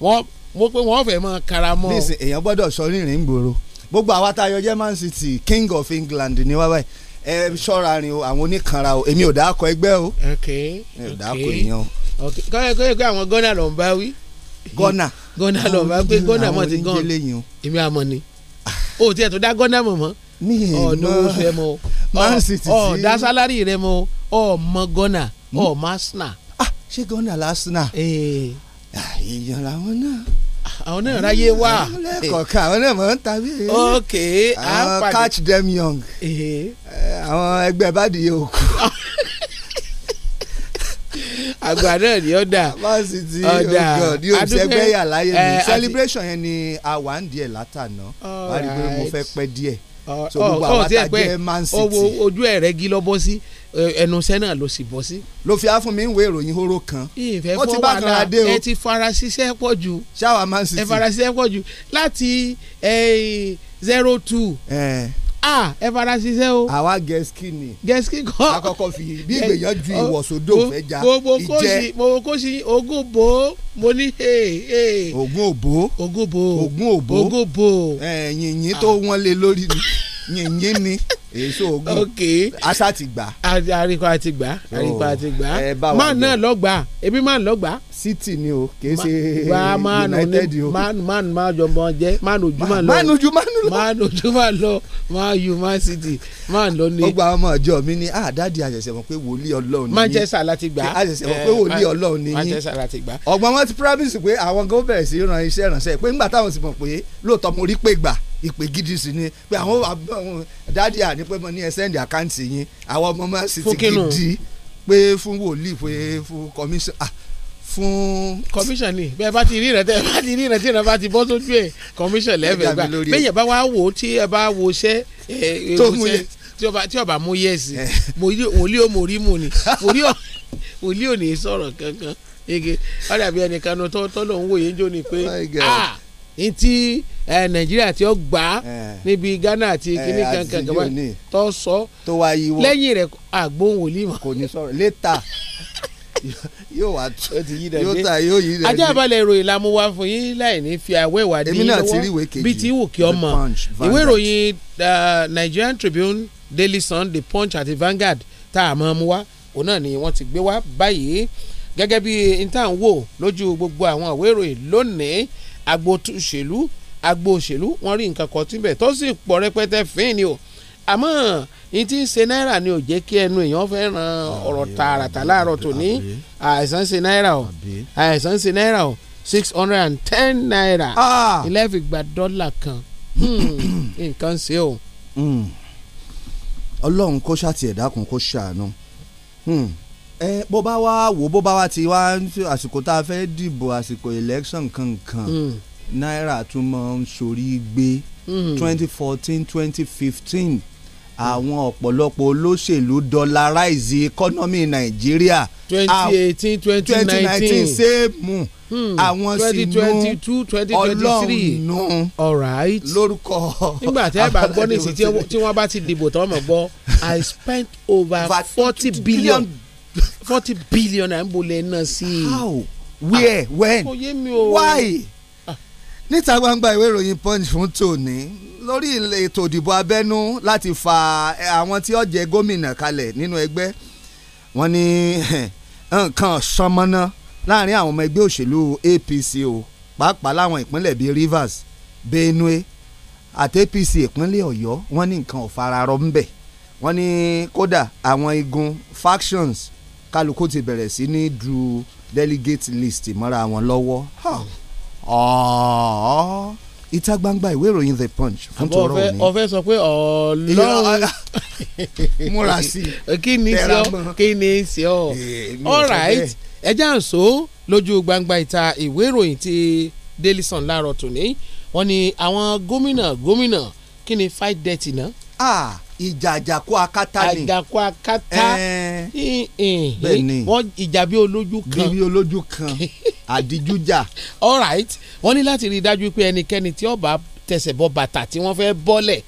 S18: wọ́n mo pé wọ́n fẹ́ mọ karamọ́. nísìnyí
S19: èèyàn gbọ́dọ̀ sọ rìnrìn gbòòrò gbogbo àwa tá a yọ jẹ́ City King of England ni wá báyìí ẹ ṣọ́ra rin o àwọn oníkanra o èmi ò dá akọ ẹgbẹ́ o okay okay
S18: ẹ dá akọ èèyàn o. kọ́yọ̀ kọ́yọ̀ pé àwọn gọ́nà ló ń bá wí. gọ́nà gọ́nà ló ń bá wí pé gọ́nà mọ̀ ti gan èmi àmọ́ ni ah. o tiẹ̀ tó dá gọ́nà mọ̀ mọ́ ọ̀ọ́dún oṣù ẹ mọ́ ọ̀ dá sálárì rẹ mọ́ ọ̀ mọ́ gọ́nà hmm? ọ̀ mọ́
S11: Arsenal.
S19: ah ṣé gọ́nà lásán náà. Eh èèyàn làwọn náà àwọn náà ráyé wá lẹ́kọ̀ọ́ká àwọn náà mọ̀ ń tàbí èrè ok àwọn catch them young àwọn ẹgbẹ́ bádìí òkú [LAUGHS] àgbà náà ni ọ̀dà ọ̀dà adúgbẹ́ yà láyé mi eh, celebration yẹn ni àwa ń díẹ̀ látàná wàá rí i pé mo fẹ́ pẹ́ díẹ̀ so gbogbo àwọn àtàjẹ́ man city
S18: ojú ẹ̀rẹ́gí lọ́bọ́ sí ẹnu iṣẹ́ náà ló sì bọ́ sí. ló fi áfún mi ń wé ìròyìn horo kan. ìfẹ́ fọ́ wàhálà ẹ ti fara ṣiṣẹ́ pọ̀ jù. ṣáwa man city ẹ fara ṣiṣẹ́ pọ̀ jù láti zero two. ah ẹ fara ṣiṣẹ́ o. àwa gẹ̀ẹ́sì ni. gẹ̀ẹ́sì kọ́. akọkọ fi bí ìgbìyànjú ìwọ̀sódò fẹ́ ja ìjẹ́. mo kó sí ogún bò ó mo ní ogún òbò.
S19: ogún òbò. ogún òbò. ogún òbò. ẹ̀yìn yìí tó wọ́n lé lórí ni. [LAUGHS] yìnyín ni
S18: èso ogun asa ti gbà. àríkọ àti gbà àríkọ àti gbà máa oh, náà lọ́gbà ebi máa lọ́gbà. city ni o kì ṣe united o. mánu máa jọ mọ jẹ mánu ojú máa lọ mánu ojú máa lọ mánu ojú máa lọ máa city
S19: máa lọ ni. ó ọmọ ọjọ́ mi ní àdáàdì ah, àṣẹ̀ṣẹ̀ pé wòlíì ọlọ́run ni. manchester láti gbà àṣẹ̀ṣẹ̀ mọ̀ pé eh, wòlíì ọlọ́run ni yín manchester láti gbà. ọ̀gbọ́n wọn ti promise pé àwọn gómìnà sí ìrànṣẹ́ ìrànṣẹ́ pé ńgbà táwọn sì mọ̀ pé lóòótọ́ mo rí pé gbà ìpè gidi sí ni pé àwọn dáàdì àní pé mo ní ẹ sẹ́ndì àkáǹtì yín àwọn ọmọ máa sì ti gidi pé fún wòlíì pé
S18: fún commission fún. commission ni bẹ́ẹ̀ bá ti rí rẹ̀ tẹ́ bá ti rí rẹ̀ tí rẹ̀ bá ti bọ́ sójú ẹ̀ commission lẹ́fẹ̀ẹ́ gbà bẹ́ẹ̀ yẹn bá wá wò ó tí ẹ bá wo iṣẹ́ tí ọba mú yẹ̀sì wòlíì ó mórí mú ni wòlíì ò ní sọ̀rọ̀ kankan ege ọ̀dà bíi ẹnìkan tó tọ́lọ̀ ń wòye jọ pé ah ntí ẹ nàìjíríà tí ó gbà á níbi ghana àti kínní kankan kankan tó sọ lẹ́yìn rẹ̀ àgbóhùn wòlíì mọ́. kò ní sọ̀rọ̀ létà [LAUGHS] yóò wá yóò ta yóò yí dẹ̀ dé. ajá balẹ̀ ìròyìn la mú wá fún yín láì ní fi àwẹ̀ ìwádìí lọ́wọ́ bíi ti wù kí ọ mọ̀ ìwé ìròyìn Nigerian Tribune Daily Sun The Punch àti Vanguard tá a mọ̀ mú wá òun náà ni wọ́n ti gbé wá báyìí gẹ́gẹ́ bí n tá à ń wò lójú gbogbo àwọn ìwé ìròyìn lónìí agbo òṣèlú agbo òṣèlú wọ́n rí nǹkan kan síbẹ̀ tó sì pọ̀ rẹpẹtẹ fín ni o àmọ́ ní tí ń ṣe náírà ni ò jẹ́ kí ẹnu èèyàn fẹ́ ran ọ̀rọ̀ tààràtà láàárọ̀ tòní àìsàn ṣe náírà o àìsàn ṣe náírà o six hundred and ten naira ah! ilé fi gba dọ́là kan hmm. [CLEARS THROAT] nǹkan ṣe o. Hmm.
S19: ọlọ́run kó ṣàtì ẹ̀dá kan kó ṣàánú hmm
S18: ẹ bó bá wá
S19: wò bó bá wá ti wá àsìkò tá a fẹ́ dìbò àsìkò election kankan hmm. náírà tún máa ń sorí gbé hmm. twenty fourteen twenty fifteen àwọn ọ̀pọ̀lọpọ̀ olóṣèlú dolarize economy nàìjíríà twenty eighteen twenty nineteen sẹ́ẹ̀mù hmm. àwọn sì nú ọlọ́run
S18: nú lórúkọ. nígbà tí ẹ bá gbọ́ ní ìsìn tí wọ́n bá ti dìbò tí wọ́n mọ̀ gbọ́ I spent over forty billion forty billion à ń bolẹ̀ náà sí i. how where ah, when why ah.
S19: níta gbangba ìwé ìròyìn punch fún tòní lórí ètò ìdìbò abẹ́nú láti fa àwọn tí ó jẹ gómìnà kalẹ̀ nínú ẹgbẹ́ wọn ní [LAUGHS] nǹkan sọmọnà láàrin àwọn ọmọ ẹgbẹ́ òṣèlú APC o pàápàá láwọn ìpínlẹ̀ bíi Rivers Benue àti APC ìpínlẹ̀ Ọ̀yọ́ wọn ní nǹkan ò fararọ ńbẹ̀ wọn ní kódà àwọn igun factions kálukú ti bẹ̀rẹ̀ sí ní du delegate list mọ́ra wọn lọ́wọ́ ìta gbangba ìwé ìròyìn the punch fún tòró òní. ọ̀fẹ́
S18: sọ pé ọlọ́run ah, ah. múra sí [LAUGHS] kí ni sí ọ kí ni sí ọ all right àǹso lójú gbangba ìta ìwé ìròyìn ti daily sun láàárọ̀ tòní wọ́n ní àwọn gómìnà gómìnà kí ni fight dirty náà. Ah, ìjà akátá ni àjàkú akátá bẹ́ẹ̀ni wọ́n ìjà olójú kan bí olójú kan [LAUGHS] àdìjújà. all right wọ́n ní láti rí i dájú pé ẹnikẹ́ni tí ó bá tẹsẹ̀ bọ bàtà tí wọ́n fẹ́ bọ́lẹ̀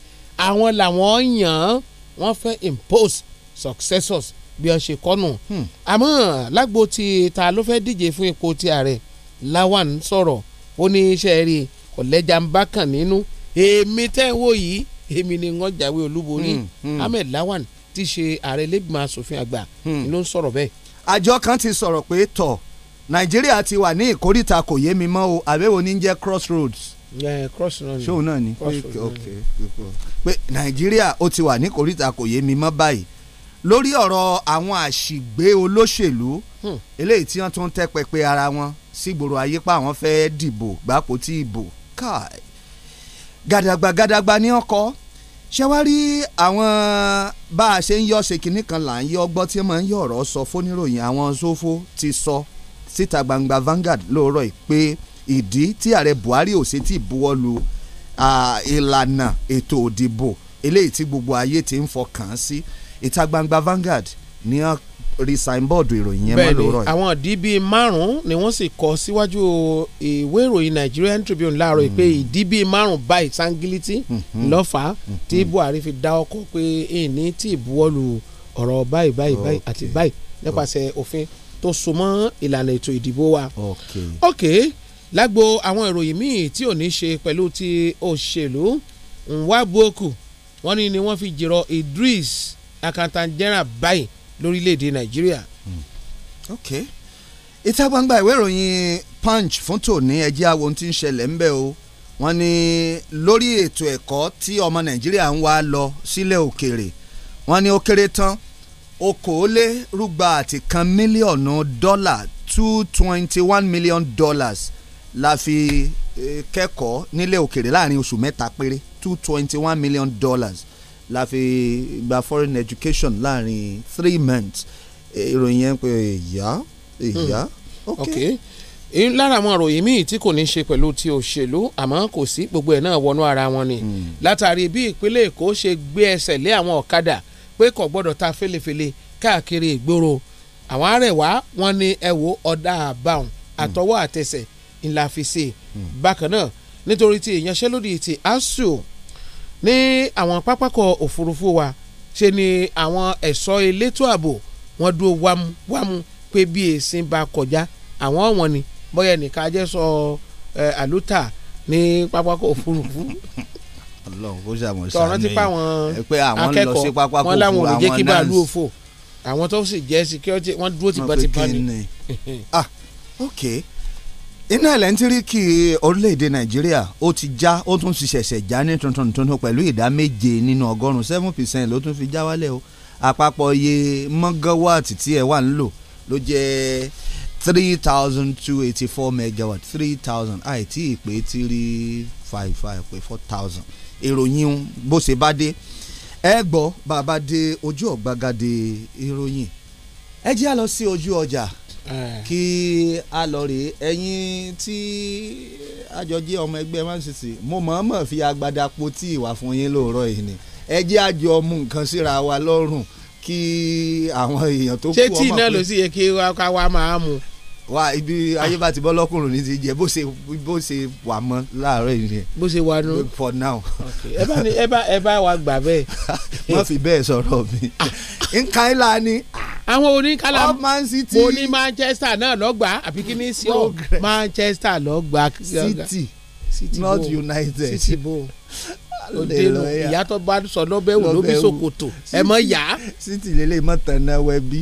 S18: àwọn làwọn yàn án wọ́n fẹ́ impose successors bí ọ ṣe kọ́nù. Hmm. àmọ́ lágbo ti ta ló fẹ́ díje fún ipò ti ààrẹ Lawan sọ̀rọ̀ ó ní iṣẹ́ rí kò lẹ́jà ń bá kàn nínú èmi tẹ́ ń wò yìí èmi ni wọ́n jáwé olúborí hmm, hmm. Ahmed Lawan ti ṣe ààrẹ lẹ́gbìmọ̀ asòfin àgbà hmm. ni ló ń sọ̀rọ̀ bẹ́ẹ̀. àjọ kan ti
S19: sọ̀rọ̀ pé tọ̀ nàìjíríà ti wà ní ìkórìtà kò yé mi mọ́ o àbẹ̀wò ní jẹ́ crossroads.
S18: crossroads ṣóun náà ni
S19: pé nàìjíríà ó ti wà ní ìkórìtà kò yé mi mọ́ báyìí lórí ọ̀rọ̀ àwọn àṣìgbé olóṣèlú eléyìí tí wọ́n tún tẹ́ pẹpẹ ara wọn sígboro ayé pa àwọn fẹ́ dìbò gbapò tí ìbò gàdàgbà gàdàgbà ní ọkọ ṣé wàá rí àwọn bá a ṣe ń yọ ṣe kinní kan là ń yọ ọgbọ́n tí máa ń yọ ọ̀rọ̀ sọ fóníròyìn àwọn sófó ti sọ síta gbangba Vanguard lóòrọ̀ yìí pé ìdí tí ààrẹ Buhari ò ṣe tí buwọ́lu ìlànà ètò òdìbò eléyìí tí gbogbo ayé ti ń fọkàn sí ìta gbangba Vanguard ní ọkọ rí signboard ìròyìn yẹn mọ́ lóòrọ̀ yìí. bẹ́ẹ̀ni
S18: àwọn ìdíbí márùn-ún ni wọ́n sì kọ síwájú ìwé ìròyìn Nigerian Tribune láàárọ̀ pé hmm. ìdíbí márùn-ún báyìí sangiliti hmm. lọ́fà hmm. tí Buhari fi dá ọkọ̀ pé ìní tí ìbuwọ́lù ọ̀rọ̀ báyìí báyìí báyìí àti báyìí nípasẹ̀ òfin tó so mọ́ ìlànà ètò ìdìbò wa. okay. okay lágbo àwọn ìròyìn míì tí ò ní ṣe pẹ̀lú ti òṣèlú Nwabuoku wọ́n ní ni wọ́n fi jìrọ̀ Idris Akantan General báyìí lórílẹ̀‐èdè nàìjíríà. Hmm. ok
S19: ìta gbangba ìwé ìròyìn punch fún tòní ẹjẹ́ àwọn ohun tí ń ṣẹlẹ̀ ńbẹ́ o wọ́n ní lórí ètò ẹ̀kọ́ tí ọmọ nàìjíríà ń wá lọ sílẹ̀ òkèèrè wọ́n ní ó kéré tán okòólérúgba àti kan mílíọ̀nù dọ́là two twenty one million dollars la fi eh, kẹ́kọ̀ọ́ nílẹ̀ òkèèrè láàrin oṣù mẹ́ta péré two twenty one million dollars la fi gba foreign education láàrin three months e, ìròyìn yẹn pé ìyá
S18: ìyá hmm. ok lára àwọn àròyìn míì tí kò ní ṣe pẹ̀lú ti òṣèlú àmọ́ kò sí gbogbo ẹ̀ náà wọnú ara wọn ni hmm. látàrí bí ìpínlẹ̀ èkó ṣe gbé ẹsẹ̀ lé àwọn ọ̀kadà pé kò gbọ́dọ̀ ta fẹ́lẹ́fẹ́lẹ́ káàkiri ìgboro àwọn arẹwà wọn ni ẹ wo ọ̀dà àbáwọn hmm. àtọwọ́ àtẹsẹ̀ ńlá fi ṣe bákan náà nítorí ti ìyanṣẹ́lódì ti asuu ní àwọn pápákọ̀ òfurufú wa ṣe ni àwọn ẹ̀ṣọ́ elétò ààbò wọn dúró wámú wámú pé bí èsì bá kọjá àwọn ọ̀wọ́n ni bóyá ẹnìkan ajẹ́ sọ àlùtà ní pápákọ̀ òfurufú. tọ̀rọ̀ ti pa àwọn akẹ́kọ̀ọ́ wọn láwọn ò jẹ́ kí bàálù òfò àwọn tó sì jẹ́ security wọ́n dúró tìbọ̀tìbọ̀ ni. [LAUGHS]
S19: ah ok iná ẹ̀lẹ́ntíríkì orílẹ̀-èdè nàìjíríà ó ti já ó tún ti ṣẹ̀ṣẹ̀ já ní tuntun tuntun pẹ̀lú ìdá méje nínú ọgọ́rùn seven percent ló tún fi já wálẹ̀ o àpapọ̀ iye mọ́gàwáàtì tí ẹ̀ wà ń lò ló jẹ́ three thousand two eighty four megawatt three thousand àìtí ìpè three five five pé four thousand ìròyìn bó ṣe bá dé ẹ gbọ́ bàbá dé ojú ọ̀gbagadé ìròyìn ẹ jẹ́ lọ sí ojú ọjà. Eh. kí a lọ rè ẹ̀yin tí àjọjẹ ọmọ ẹgbẹ́ Man City mo mọ̀ọ́mọ̀ fi agbada po tí ìwà fún yín lóòrọ̀ yìí ni ẹ jẹ́ àjọ mú nǹkan síra wa lọ́rùn kí àwọn èèyàn tó kú ọmọ pé ṣé tí iná ló sì
S18: yẹ kí wá
S19: máa mú wa ibi ayé bá ti bọ́ lọ́kùnrin ní ti jẹ bó ṣe bó ṣe wà mọ́ láàárọ̀ yìí nìyẹn. bó ṣe wà nù. for now. ẹ bá ní ẹ bá ẹ bá wa gbà bẹ́ẹ̀. wọ́n [LAUGHS] fi bẹ́ẹ̀ sọ̀rọ̀ mi.
S18: [LAUGHS] nkaila ni. àwọn oníkàlà mo ní Manchester náà lọ́gbà àbí kí ni sí ọ Manchester lọ́gbà. City not United. City bo òdenu ìyàtọ̀ bá sọ lọ́bẹ̀ wò ló bí ṣòkòtò ẹ̀ mọ̀ yá.
S19: City lélẹ̀ mọ̀tàn náà wẹ̀ bí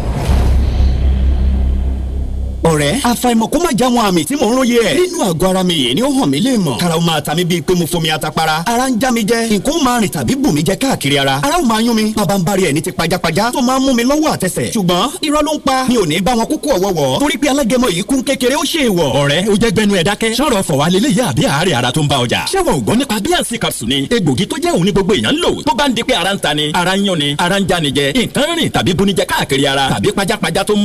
S7: ọ̀rẹ́ àfàìmọ̀ kó má já wọn àmì tí mò ń róye ẹ̀ nínú àgọ́ ara mi yìí ni ó hàn mí lè mọ̀ kára máa ta mi bíi pé mo fomi atapara ara ń já mi jẹ nǹkan máa rìn tàbí bù mí jẹ káàkiri ara ara ó máa yún mi bàbá ń bari ẹ̀ ní ti pajápajá tó máa ń mú mi lọ́wọ́ àtẹsẹ̀ ṣùgbọ́n irọ́ ló ń pa mi ò ní bá wọn kúkú ọ̀wọ́wọ́ torí pé alágẹmọ yìí kún kékeré ó ṣe ìwọ̀ ọ̀rẹ́ ni egbògi tó jẹ́ òun ní gbogbo èèyàn ń lò tó bá ń di pé ara ń ta ni ara ni ara ń já ni jẹ nǹkan rìn tàbí bunijẹ káàkiri ara tàbí pajápajá tó ń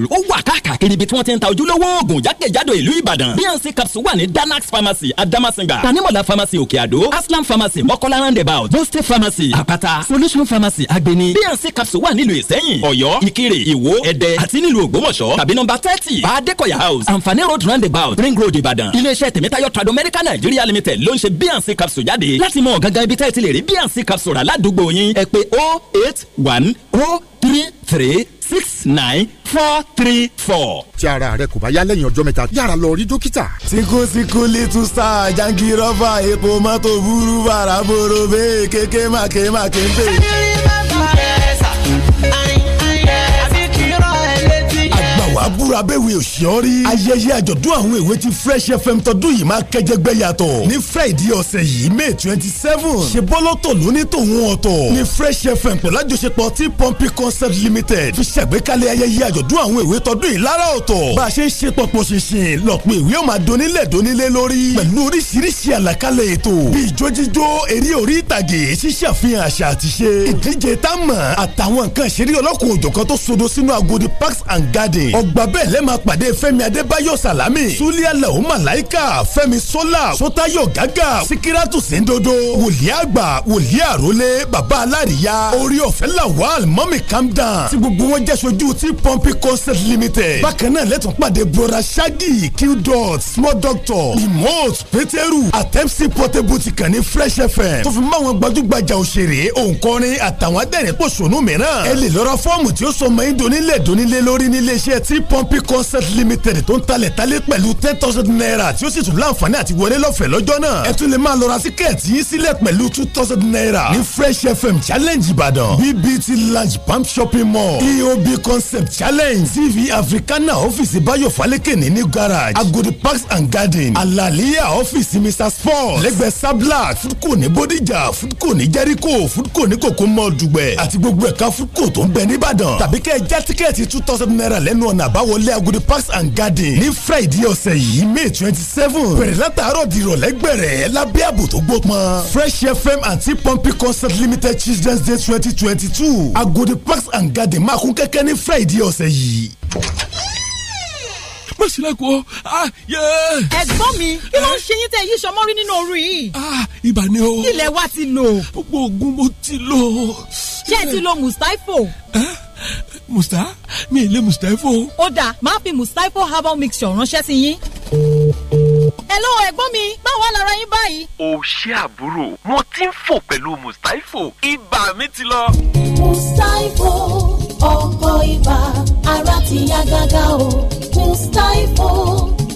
S7: capsule ó wà káàkiri ibi tí wọ́n ti ń ta ojúlówó oògùn jákèjádò ìlú Ìbàdàn bnc capsule wà ní danax pharmacy adamasinga tanimola pharmacy òkè àdó aslam pharmacy mọ́kọ́lá roundabout boste pharmacy àpáta solution pharmacy agbeni bnc capsule wà nílùú ìsẹ́yìn ọ̀yọ́ ìkirè ìwó ẹ̀dẹ́ àti nílùú ògbómọ̀ṣọ́ tàbí nọmba thirty bá adékọ̀yà house àǹfààní road roundabout ring road ìbàdàn iléeṣẹ́ tèmítáyọ̀ tradomedical nigeria limited ló ń ṣe bnc capsule jáde láti mọ̀ gangan ibi tẹ́ẹ̀ ti lè rí bnc capsule rà yín ẹ pé oh eight one oh three three six nine four three
S14: four. tí ara rẹ kò bá yá lẹ́yìn ọjọ́ mẹ́ta
S3: yára lọ rí dókítà. síkúsíkú little star jangi rọ́bà epo mọ́tò burú bàrà boro bẹ́ẹ̀ búra bẹ́wẹ̀ òṣìṣẹ́ rí. ayẹyẹ àjọ̀dún àwọn èwe ti fresh fm tọdún yìí máa kẹjẹ gbẹ́ yàtọ̀. ní friday ọ̀sẹ̀ yìí may twenty seven ṣe bọ́lọ́tọ̀ lóní tòun ọ̀tọ̀. ní fresh fm pẹ̀lú àjọṣepọ̀ tí pọ́ǹpì concept limited fi ṣàgbékalẹ̀ ayẹyẹ àjọ̀dún àwọn èwe tọdún yìí lára ọ̀tọ̀. bá a ṣe ń ṣe pọ̀pọ̀ ṣinṣin lọ́pọ̀ èwe ó máa donílẹ̀ donílé lórí. pẹ̀lú oríṣiríṣi àlàkalẹ̀ ètò bíi jójíjó eré orí ìtàgé ṣíṣe àfihàn àṣà àtiṣe ìdíje táwọn àtàwọn nǹkan ìṣeré ọlọ́kùnrin òjọ̀kan tó sodo sínú Agodi parks and garden ọgb gbangba bẹ́ẹ̀ lẹ́ẹ̀ máa pàdé fẹ́mi adébáyọ̀ sàlámì súlẹ̀ lẹ́hùn màláìkà fẹ́mi sọ́là sọ́tayọ̀ gàgà síkírátù síndodo wòlíì àgbà wòlíì àrólé bàbá alárìíyá orí ọ̀fẹ́ lawal mọ́mì calm down tí gbogbo wọn jẹ́ sojú ti pọ́ǹpì concert limited bákan náà lẹ́tọ̀ pàdé bora shaggy qdot small doctor remote peteru atẹ́msì portable ti kàn ní fresh fm tó fi mọ́ àwọn gbajúgbajà òṣèré òǹkọrin àtàwọn adẹ́rìn pòṣónú mìíràn ẹ lè lọ́ra fọ́ọ̀mù tí ó sọ mọ́ ẹ́ donílẹ̀ donílẹ̀ lórí níléeṣẹ́ tí Bobby Pumpy Concert Limited tó ń talẹ̀ talẹ̀ pẹ̀lú ten thousand naira tí ó sì tún láǹfààní àti wọlé lọ́fẹ̀ẹ́ lọ́jọ́ náà ẹ tún lè máa lọ ra tíkẹ́ẹ̀tì yín sílẹ̀ pẹ̀lú two thousand naira ní Fresh FM challenge Ìbàdàn BBT lounge pump shopping mall EOB concept challenge CV Africana ọ́fíìsì Báyọ̀ Fálékèní ní garage Agodi parks and garden Alaliya ọ́fíìsì Mr Sports lẹ́gbẹ̀ẹ́ Sabla Foodco ní Bódìjà Foodco ní Jẹ́ríkò Foodco ní Kòkó mall Dùgbẹ̀ àti gbogbo ẹ̀ka Foodco tó ń bẹ ní Ìbàdàn tàbí kẹ́ ẹ já tíkẹ́ẹ̀tì two thousand naira lẹ́nu ọ̀nà àbáwọlé agodi parks and garden ní friday ọ̀sẹ̀ yìí may twenty seven bẹ̀rẹ̀ látàárọ̀ di ìrọ̀lẹ́ gbẹ̀rẹ̀ lábẹ́ ààbò tó gbópọn fresh fm and pompi concert limited children's day twenty twenty two agodi parks and garden máa kún kẹ́kẹ́ ní friday ọ̀sẹ̀ yìí má ah o. ẹ̀gbọ́n mi kí ló ń ṣe yín tẹ́ yí sọmọ́
S4: nínú òru yìí. Ah, ibà ni o. ilẹ̀ wa ti lò. gbogbo oògùn mo ti lò. ṣé ẹ ti lo mustapho musta mi ì lé mustapho. ó dáa máa fi mustapho herbal mixture ránṣẹ́ sí yín. Hello ẹ̀gbọ́n mi, báwo lára yín báyìí? O ṣé àbúrò, mo ti ń fò pẹ̀lú Mustapho, ibà mi ti lọ. Mustapho, ọkọ̀ ibà, ara ti yá gágá o. Mustapho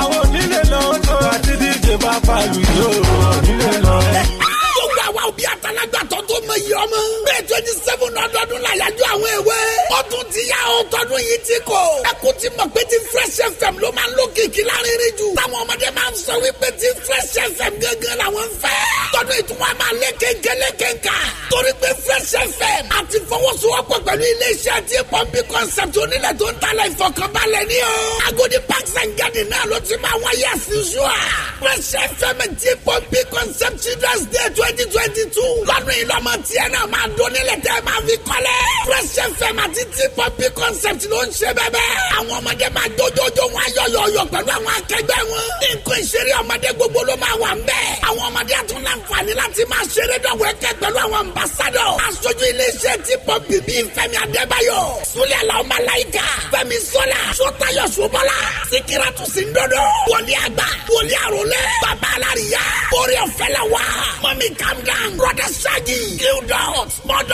S12: àwọn onílé lọ tó àti díje
S5: bá palu yóò
S12: onílé
S16: lọ. gbogbo àwa òbí àtàlágbà tó tó mọ iye ọmọ. bẹ́ẹ̀ twenty seven ọdọọdún làyájọ́ àwọn èwe. ó tún ti yá ọ tọdún yìí ti kò. ẹ kò ti mọ̀ pé ti Fresh FM ló máa ń lo kìkì lárinrin jù. táwọn ọmọdé máa ń sọ wípé ti Fresh FM gángan làwọn fẹ́. tọdún ìtumọ̀ máa lé kéńkélékèǹkà pẹ̀lú iléeṣẹ́ àti pọ́ǹpì concept onílẹ̀ tó ń talẹ̀ ìfọkànbalẹ̀ ní o. Agodi parks and garden náà ló ti máa wáyé àṣìṣú à. Fresh FM ti pọ́ǹpì concept children's day twenty twenty two. Lọ́dún yìí lọ́mọ tiẹ̀ náà máa dún nílẹ̀ tẹ́ máa fi kọ́lẹ̀. Fresh FM àti ti pọ́ǹpì concept ló ń ṣe bẹ́ẹ̀ Àwọn ọmọdé máa jójójó wọn ayọ̀yọ̀yọ̀ pẹ̀lú àwọn akẹgbẹ́ wọn. Nǹkan ìṣeré ọmọdé gbogbo ló máa wà ń bẹ́ẹ̀. Àwọn ọmọdé àtúnlá àǹfààní láti máa ṣeré dọ̀wẹ́kẹ́ pẹ̀lú àwọn ambassadọ̀. Aṣojú iléeṣẹ́ ti pọ́ǹpì bíi fẹ́ Fẹ́mi Adébáyọ̀ Súlẹ̀ Aláwọ̀ Màláìka Fẹ́mi Sọ́lá Sọ́tayọ̀ Sọ́bọ́lá Sikiratu Sindodo Wòlíì àgbà Wòlíì àrólẹ̀ Bàbá Alárìíyá Orí ọ̀fẹ́ la Mami Kamdan Broda Saji Gildot Small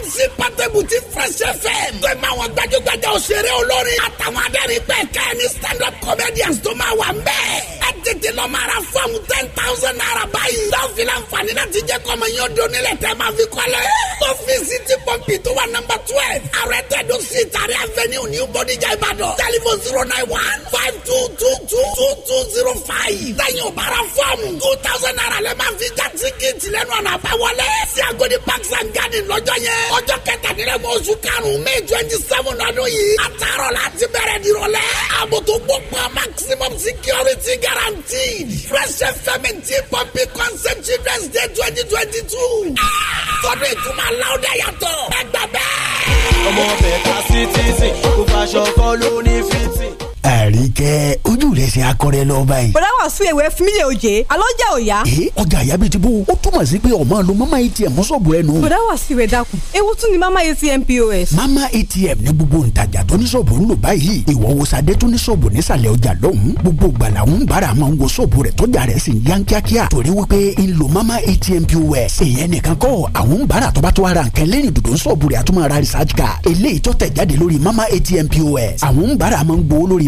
S16: MC MC Patebuti Fresh FM Fẹ́mi àwọn gbajúgbajà òṣèré olórin Àtàwọn adẹ́rìn pẹ̀kẹ́ ní stand up comedians tó máa wà ń bẹ́ẹ̀. Ẹ tètè lọ máa ra fọ́ọ̀mù ten thousand naira báyìí. Dọ́ọ̀fì láǹfààní láti jẹ́ kọ́mọ yín ó dónílẹ̀ tẹ́ máa fi kọ́lẹ̀. Ọ́fíìsì ti pọ́ǹpì tó wà nọ́mb number twelve arẹ́tẹ̀dọ̀ sí tàrí avenue new body. Jai bado. telephone zero nine one five two two two two two zero five lẹ́yìn òbára fọ́ọ̀mù two thousand naira lẹ́ máa fi já tíkẹ́ẹ̀tì lẹ́nu ọ̀nà àbáwọlé sí Agodi parks and garden lọ́jọ́ yẹn ọjọ́ kẹtàdínlẹ́gbọ̀n oṣù karùn-ún may twenty seven ọdún yìí àtàrọ̀ láti bẹ̀rẹ̀ nírọ̀lẹ́ ààbò tó maximum security guarantee fresh fmnt pọmpi concept children's day twenty twenty two ah! tọdún ìtumọ̀ aláwọ̀ dẹ̀ yàtọ̀ ẹgbẹ́ bẹ́ẹ̀. Kou mwante kwa
S12: sitizi, kou pa
S16: jok kon louni fiti
S7: àríkẹ́ ojú rẹ̀ ṣe akọrẹ lọ báyìí. bọ̀dá wà sún ewé fún mi oje
S12: alọ́jà òya.
S7: ee ọjà àyà bíi ti bó o túmọ̀ sí pé ọmọ lo mama atm mọ́sọ̀bù rẹ nù. bọ̀dá wà sí ìwé dákun ewu tún ni mama atm pos. mama atm ní gbogbo ntajà tó ní sọ̀bù ń lò báyìí ìwọ wo sadé tó ní sọ̀bù nísàlẹ̀ ọjà lọ́hùn gbogbo gbala ń bára máa ń wo sọ̀bù rẹ̀ tọ́jà rẹ̀ sì ń yan kíákíá torí mama atm pos èèyàn nìkan kọ́ àwọn ń bára tó bá tó ara nǹkan lẹ́yìn dòdò ń sọ̀bù rẹ̀ àtúmọ̀ ara research card mama atm pos àwọn ń bára máa ń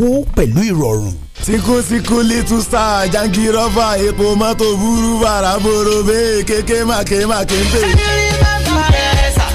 S7: owó
S3: pẹ̀lú ìrọ̀rùn. síkúsíkú little star jangirọ́fà epo mọ́tò burú bàrà borobe kékèmàkémàkémpe. sẹ́ni
S17: rí bá bàrẹ̀ sà.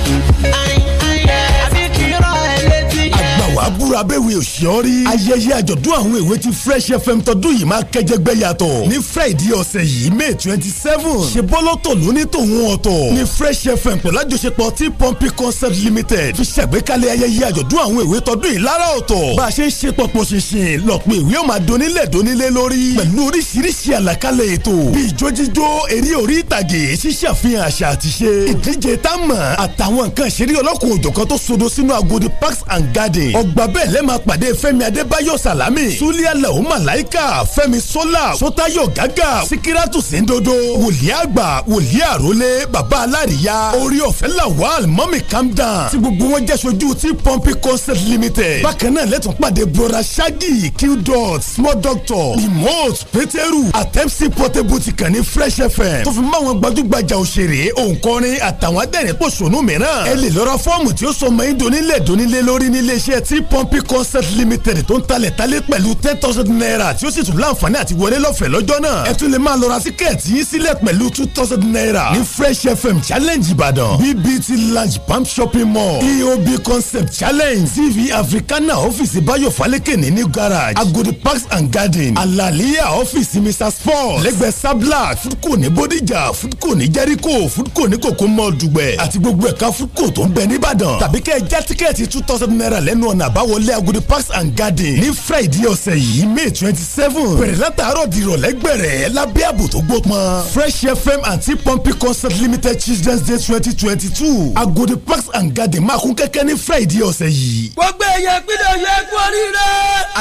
S3: abẹ́wé òṣìṣẹ́ rí. ayẹyẹ àjọ̀dún àwọn èwe ti fresh fm tọdún yìí máa kẹjẹgbẹ́ yàtọ̀ ní friday ọ̀sẹ̀ yìí may twenty seven ṣe bọ́lọ́tọ̀ lóní tòun ọ̀tọ̀ ní fresh fm pẹ̀lú àjọṣepọ̀ tí pọ́ǹpì concept limited fi ṣàgbékalẹ̀ ayẹyẹ àjọ̀dún àwọn èwe tọdún yìí lára ọ̀tọ̀ bá a ṣe ń ṣe pọ̀pọ̀ ṣinṣin lọ́pọ̀ ìwé ọ̀ma donílẹ̀ donílé lórí pẹ̀lú oríṣiríṣi àlàkalẹ̀ ètò bíi jójíjó eré orí ìtàgé ṣíṣàfihàn àṣà àtiṣe ìdíje támọ̀ àtàwọn nǹkan ìṣeré ọlọ́kùnrin òjọ̀kan tó sodo sínú agodi parks and gardens ọgbà bẹ́ẹ̀ ìrọ̀lẹ́ máa pàdé fẹ́mi adébáyọ̀ sàlámì súlẹ̀ aláwọ̀ màláìkà fẹ́mi sọ́là sọ́tayọ̀ gàgà síkírátù síndodo wòlíì àgbà wòlíì àrólé bàbá aláríyá orí ọ̀fẹ́ làwàl mọ́mì calm down tí gbogbo wọn jẹ́ sojú tí pọ́ǹpì concert limited bákan náà lẹ́tún pàdé broda shaggy qdot small doctor remote peteru atẹ́psì portable ti kàn ní fresh fm tó fi máwọn gbajúgbajà òṣèré òǹkọrin àtàwọn adẹ́rìn pòṣónú mìíràn ẹ lè lọ́ra fọ́ọ̀mù tí ó sọ ọmọ yín donílẹ̀ donílẹ̀ lórí níléeṣẹ́ tí pọ́ǹpì happy concert limited tó ń talẹ̀ talé pẹ̀lú ten thousand naira tí ó sì tún láǹfààní àti wọlé lọ́fẹ̀ẹ́ lọ́jọ́ náà ẹ tún lè máa lọ ra tíkẹ́ẹ̀tì yín sílẹ̀ pẹ̀lú two thousand naira ní fresh fm challenge ìbàdàn bbt lounge palm shopping mall eob concept challenge tv africana ọ́fíìsì báyọ̀ falẹ́kẹ̀ ní new garage agodi parks and garden alaliya ọ́fíìsì mr sport lẹ́gbẹ̀ẹ́ sabla foodco ní bodijà foodco ní jericho foodco ní kòkó mall dùgbẹ̀ àti gbogbo ẹ̀ka foodco tó ń bẹ níbàdàn tàbí kẹ́ ẹ já tíkẹ́ẹ̀tì two thousand naira lẹ́nu ọ̀nà àbáwọlé olúyọlé agodi parks and garden ní friday ọ̀sẹ̀ yìí may twenty seven bẹ̀rẹ̀ látàárọ̀ di ìrọ̀lẹ́ gbẹ̀rẹ̀ lábẹ́ ààbò tó gbópọn. fresh fm àti pompi concert limited children's day twenty twenty two agodi parks and
S6: garden máa kún kẹ́kẹ́ ní friday ọ̀sẹ̀ yìí. gbogbo èèyàn ìpínlẹ̀ ọ̀yọ́ ẹ̀kú oríire.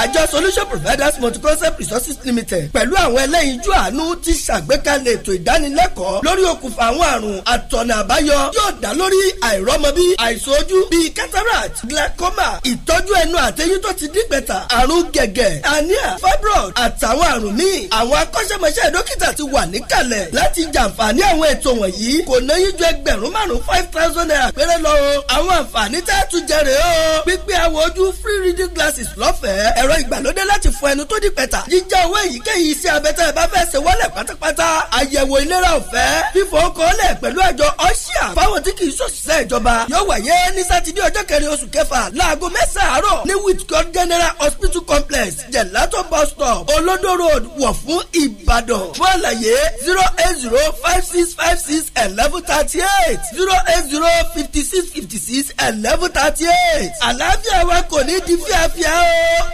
S6: àjọ solution providers multi-concept resources limited pẹ̀lú àwọn ẹlẹ́yinjú àánú ti ṣàgbékalẹ̀ ètò ìdánilẹ́kọ̀ọ́ lórí okùnfà àwọn àrùn àtọ̀nà àbáyọ yóò dá lórí àìrọ́mọbí àìsàn ojú bíi cataract glaucoma ìtọ́jú ẹni ẹnu àtẹyín tó ti dígbẹ̀ta àrùn gẹ̀gẹ̀ hernia fibroid àtàwọn àrùn míì àwọn akọ́ṣẹ́mọṣẹ́ dókítà ti wà níkàlẹ̀ láti jàǹfààní àwọn ètò wọ̀nyí kò náyí ju ẹgbẹ̀rún márùn five thousand naira péré lọ o àwọn àǹfààní tẹ́ ẹ tún jẹrè o pípé àwọ̀ ojú free reading glasses lọ́fẹ̀ẹ́ ẹ̀rọ ìgbàlódé láti fọ ẹnu tó dígbẹ̀ta jíjá owó èyíkéyìí iṣẹ́ abẹ tẹ́ ẹ bá fẹ́ ṣe wọ́lẹ̀ pátápátá àyẹ̀wò ìlera ọ̀fẹ́ fífọ ọkọ̀ ọ̀lẹ̀ pẹ̀lú àjọ ọ́ṣíà fáwọn tí kì í ṣòṣìṣẹ́ ìjọba yóò wáyé ní sátidé ọjọ́ kẹrin oṣù kẹfà láago mẹ́sàn-án àárọ̀ bọ̀ ní Whitcourt General Hospital Complex Jelato bus stop Olodo Road wọ̀ fún Ìbàdàn fún àlàyé zero eight zero five six five six eleven thirty eight zero eight zero fifty six fifty six eleven thirty eight àlàáfíà wa kò ní di fíafíà o.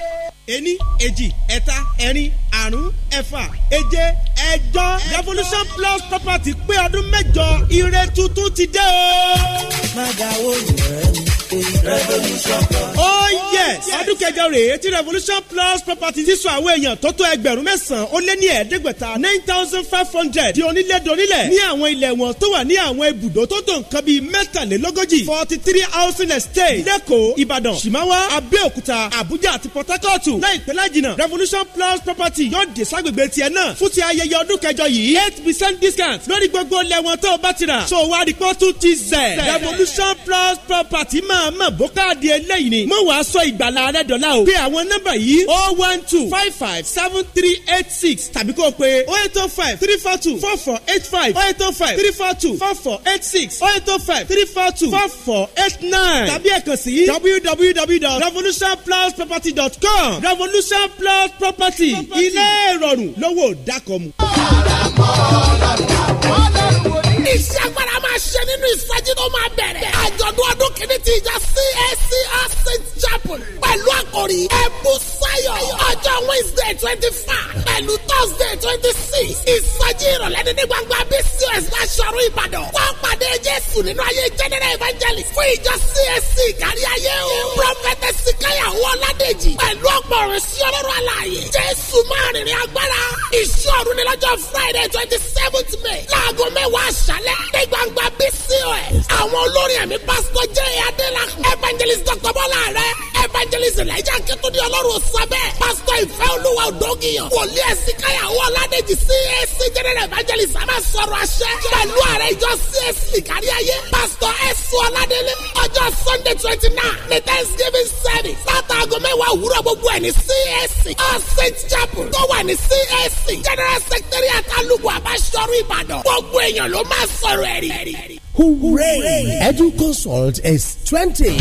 S6: ení
S12: èjì ẹ̀ta ẹ̀rin àrún ẹ̀fà èje ẹ̀jọ revolution plus property pé ọdún mẹ́jọ ire tuntun ti dé o. má dáwọ́ ìrẹ́ni oh yes ọdún kẹjọ rèé tí revolution plus property ti sọ àwọn èèyàn tó tó ẹgbẹ̀rún mẹ́sàn-án ó lé ní ẹ̀ẹ́dẹ́gbẹ̀ta nine thousand five hundred di onílẹ̀dọ́nílẹ̀ ní àwọn ilẹ̀ wọn tó wà ní àwọn ibùdó tó tó nǹkan bíi mẹ́tàlélógójì forty three housing estate lẹ́kọ̀ọ́ ìbàdàn ṣìmáwá abẹ́òkúta àbújá àti port harcourt láìpẹ́ lájìnà revolution plus property yóò dé ságbègbè tiẹ̀ náà fún ti ayẹyẹ ọdún kẹjọ yìí eight percent discount lórí gbogbo ilẹ̀ wọn tó o bá so wá rí pọ́tù ti revolution plus property máa mọ̀ bó káàdì eléyìí ni. mo wàá sọ ìgbàlá rẹ dọ̀la o. pé àwọn nọ́mbà yìí o oh one two five five seven three eight six tàbí kó o pe o oh eight oh five three four two four four eight five o oh eight oh five three four two four four eight six o eight oh five three four two four four eight nine tàbí ẹ̀kan sí www.revolutionplusproperty.com revolution
S16: plus property ilé ìrọ̀rùn lówó dákọ̀mù. ọ̀rọ̀ mọ́ ọ̀rọ̀ ní iṣẹ́ agbára máa ṣe nínú ìsájí tó máa bẹ̀rẹ̀. àjọ̀dún ọdún kìíní ti ìjà CACR St. John chapel pẹ̀lú àkòrí ẹ̀bù sáyọ̀ ọjọ́ wednesday twenty five pẹ̀lú thursday twenty six ìsọjí ìrọ̀lẹ́ ní gbangba bcos láṣọrú ìbàdàn wọ́n pàdé jésù nínú ayé general evangelist fún ìjọ csc kárí ayé o prophetess sikaya wọládèjì pẹ̀lú ọ̀pọ̀ ọ̀rọ̀ sí ọlọ́run àlàyé jésù máa rìnrìn agbára ìṣòro ní lọ́jọ́ friday twenty seventh may láago mẹ́wàá àṣálẹ́ ní gbangba bcos àwọn olórin ẹ̀mí pásítọ̀ jẹ́ adélakùn evangelist dr bọ́lá rẹ̀ evangelist elijah akitunde ọlọ́run sábẹ́ pásítọ̀ ìfẹ́ olúwa òdògìyàn wòlíì ẹ̀sìn káyàwó ọ̀làdẹ́jì cac general evangelist a máa sọ̀rọ̀ àṣẹ pẹ̀lú ààrẹ ìjọ cac kárí ayé pásítọ̀ ẹ̀sùn ọ̀làdẹ́lẹ̀ ọjọ́ sunday twenty nine ní thanksgiving service látàgọ mẹ́wàá òwúrọ̀ gbogbo ẹ̀ ní cac all saint chapel tó wà ní cac general secretary àtàlùkù àbáṣọrú ìbàdàn gbogbo èèyàn ló máa sọ̀rọ̀ ẹ̀rí.
S5: hooray edu consult is twenty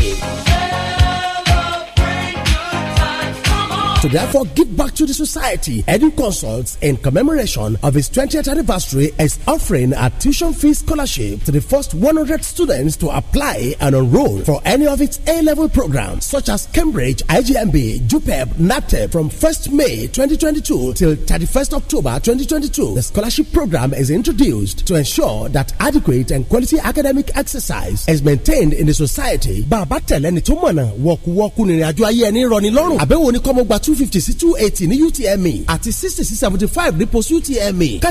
S5: to therefore give back to the society. Edu Consults, in commemoration of its 20th anniversary, is offering a tuition fee scholarship to the first 100 students to apply and enroll for any of its A level programs, such as Cambridge, IGMB, JUPEB, NATE. from 1st May 2022 till 31st October 2022. The scholarship program is introduced to ensure that adequate and quality academic exercise is maintained in the society. Bàbá tẹ̀lẹ́ni tó mọ̀nà wọ̀kúwọ́kú nìrìn àjò ayé ẹni rọ̀ ní lọ́rùn. Àbẹ̀wò ni kọ́mọ́gbà two fifty sí two eighty ní UTME àti sixty sí seventy five ní post UTME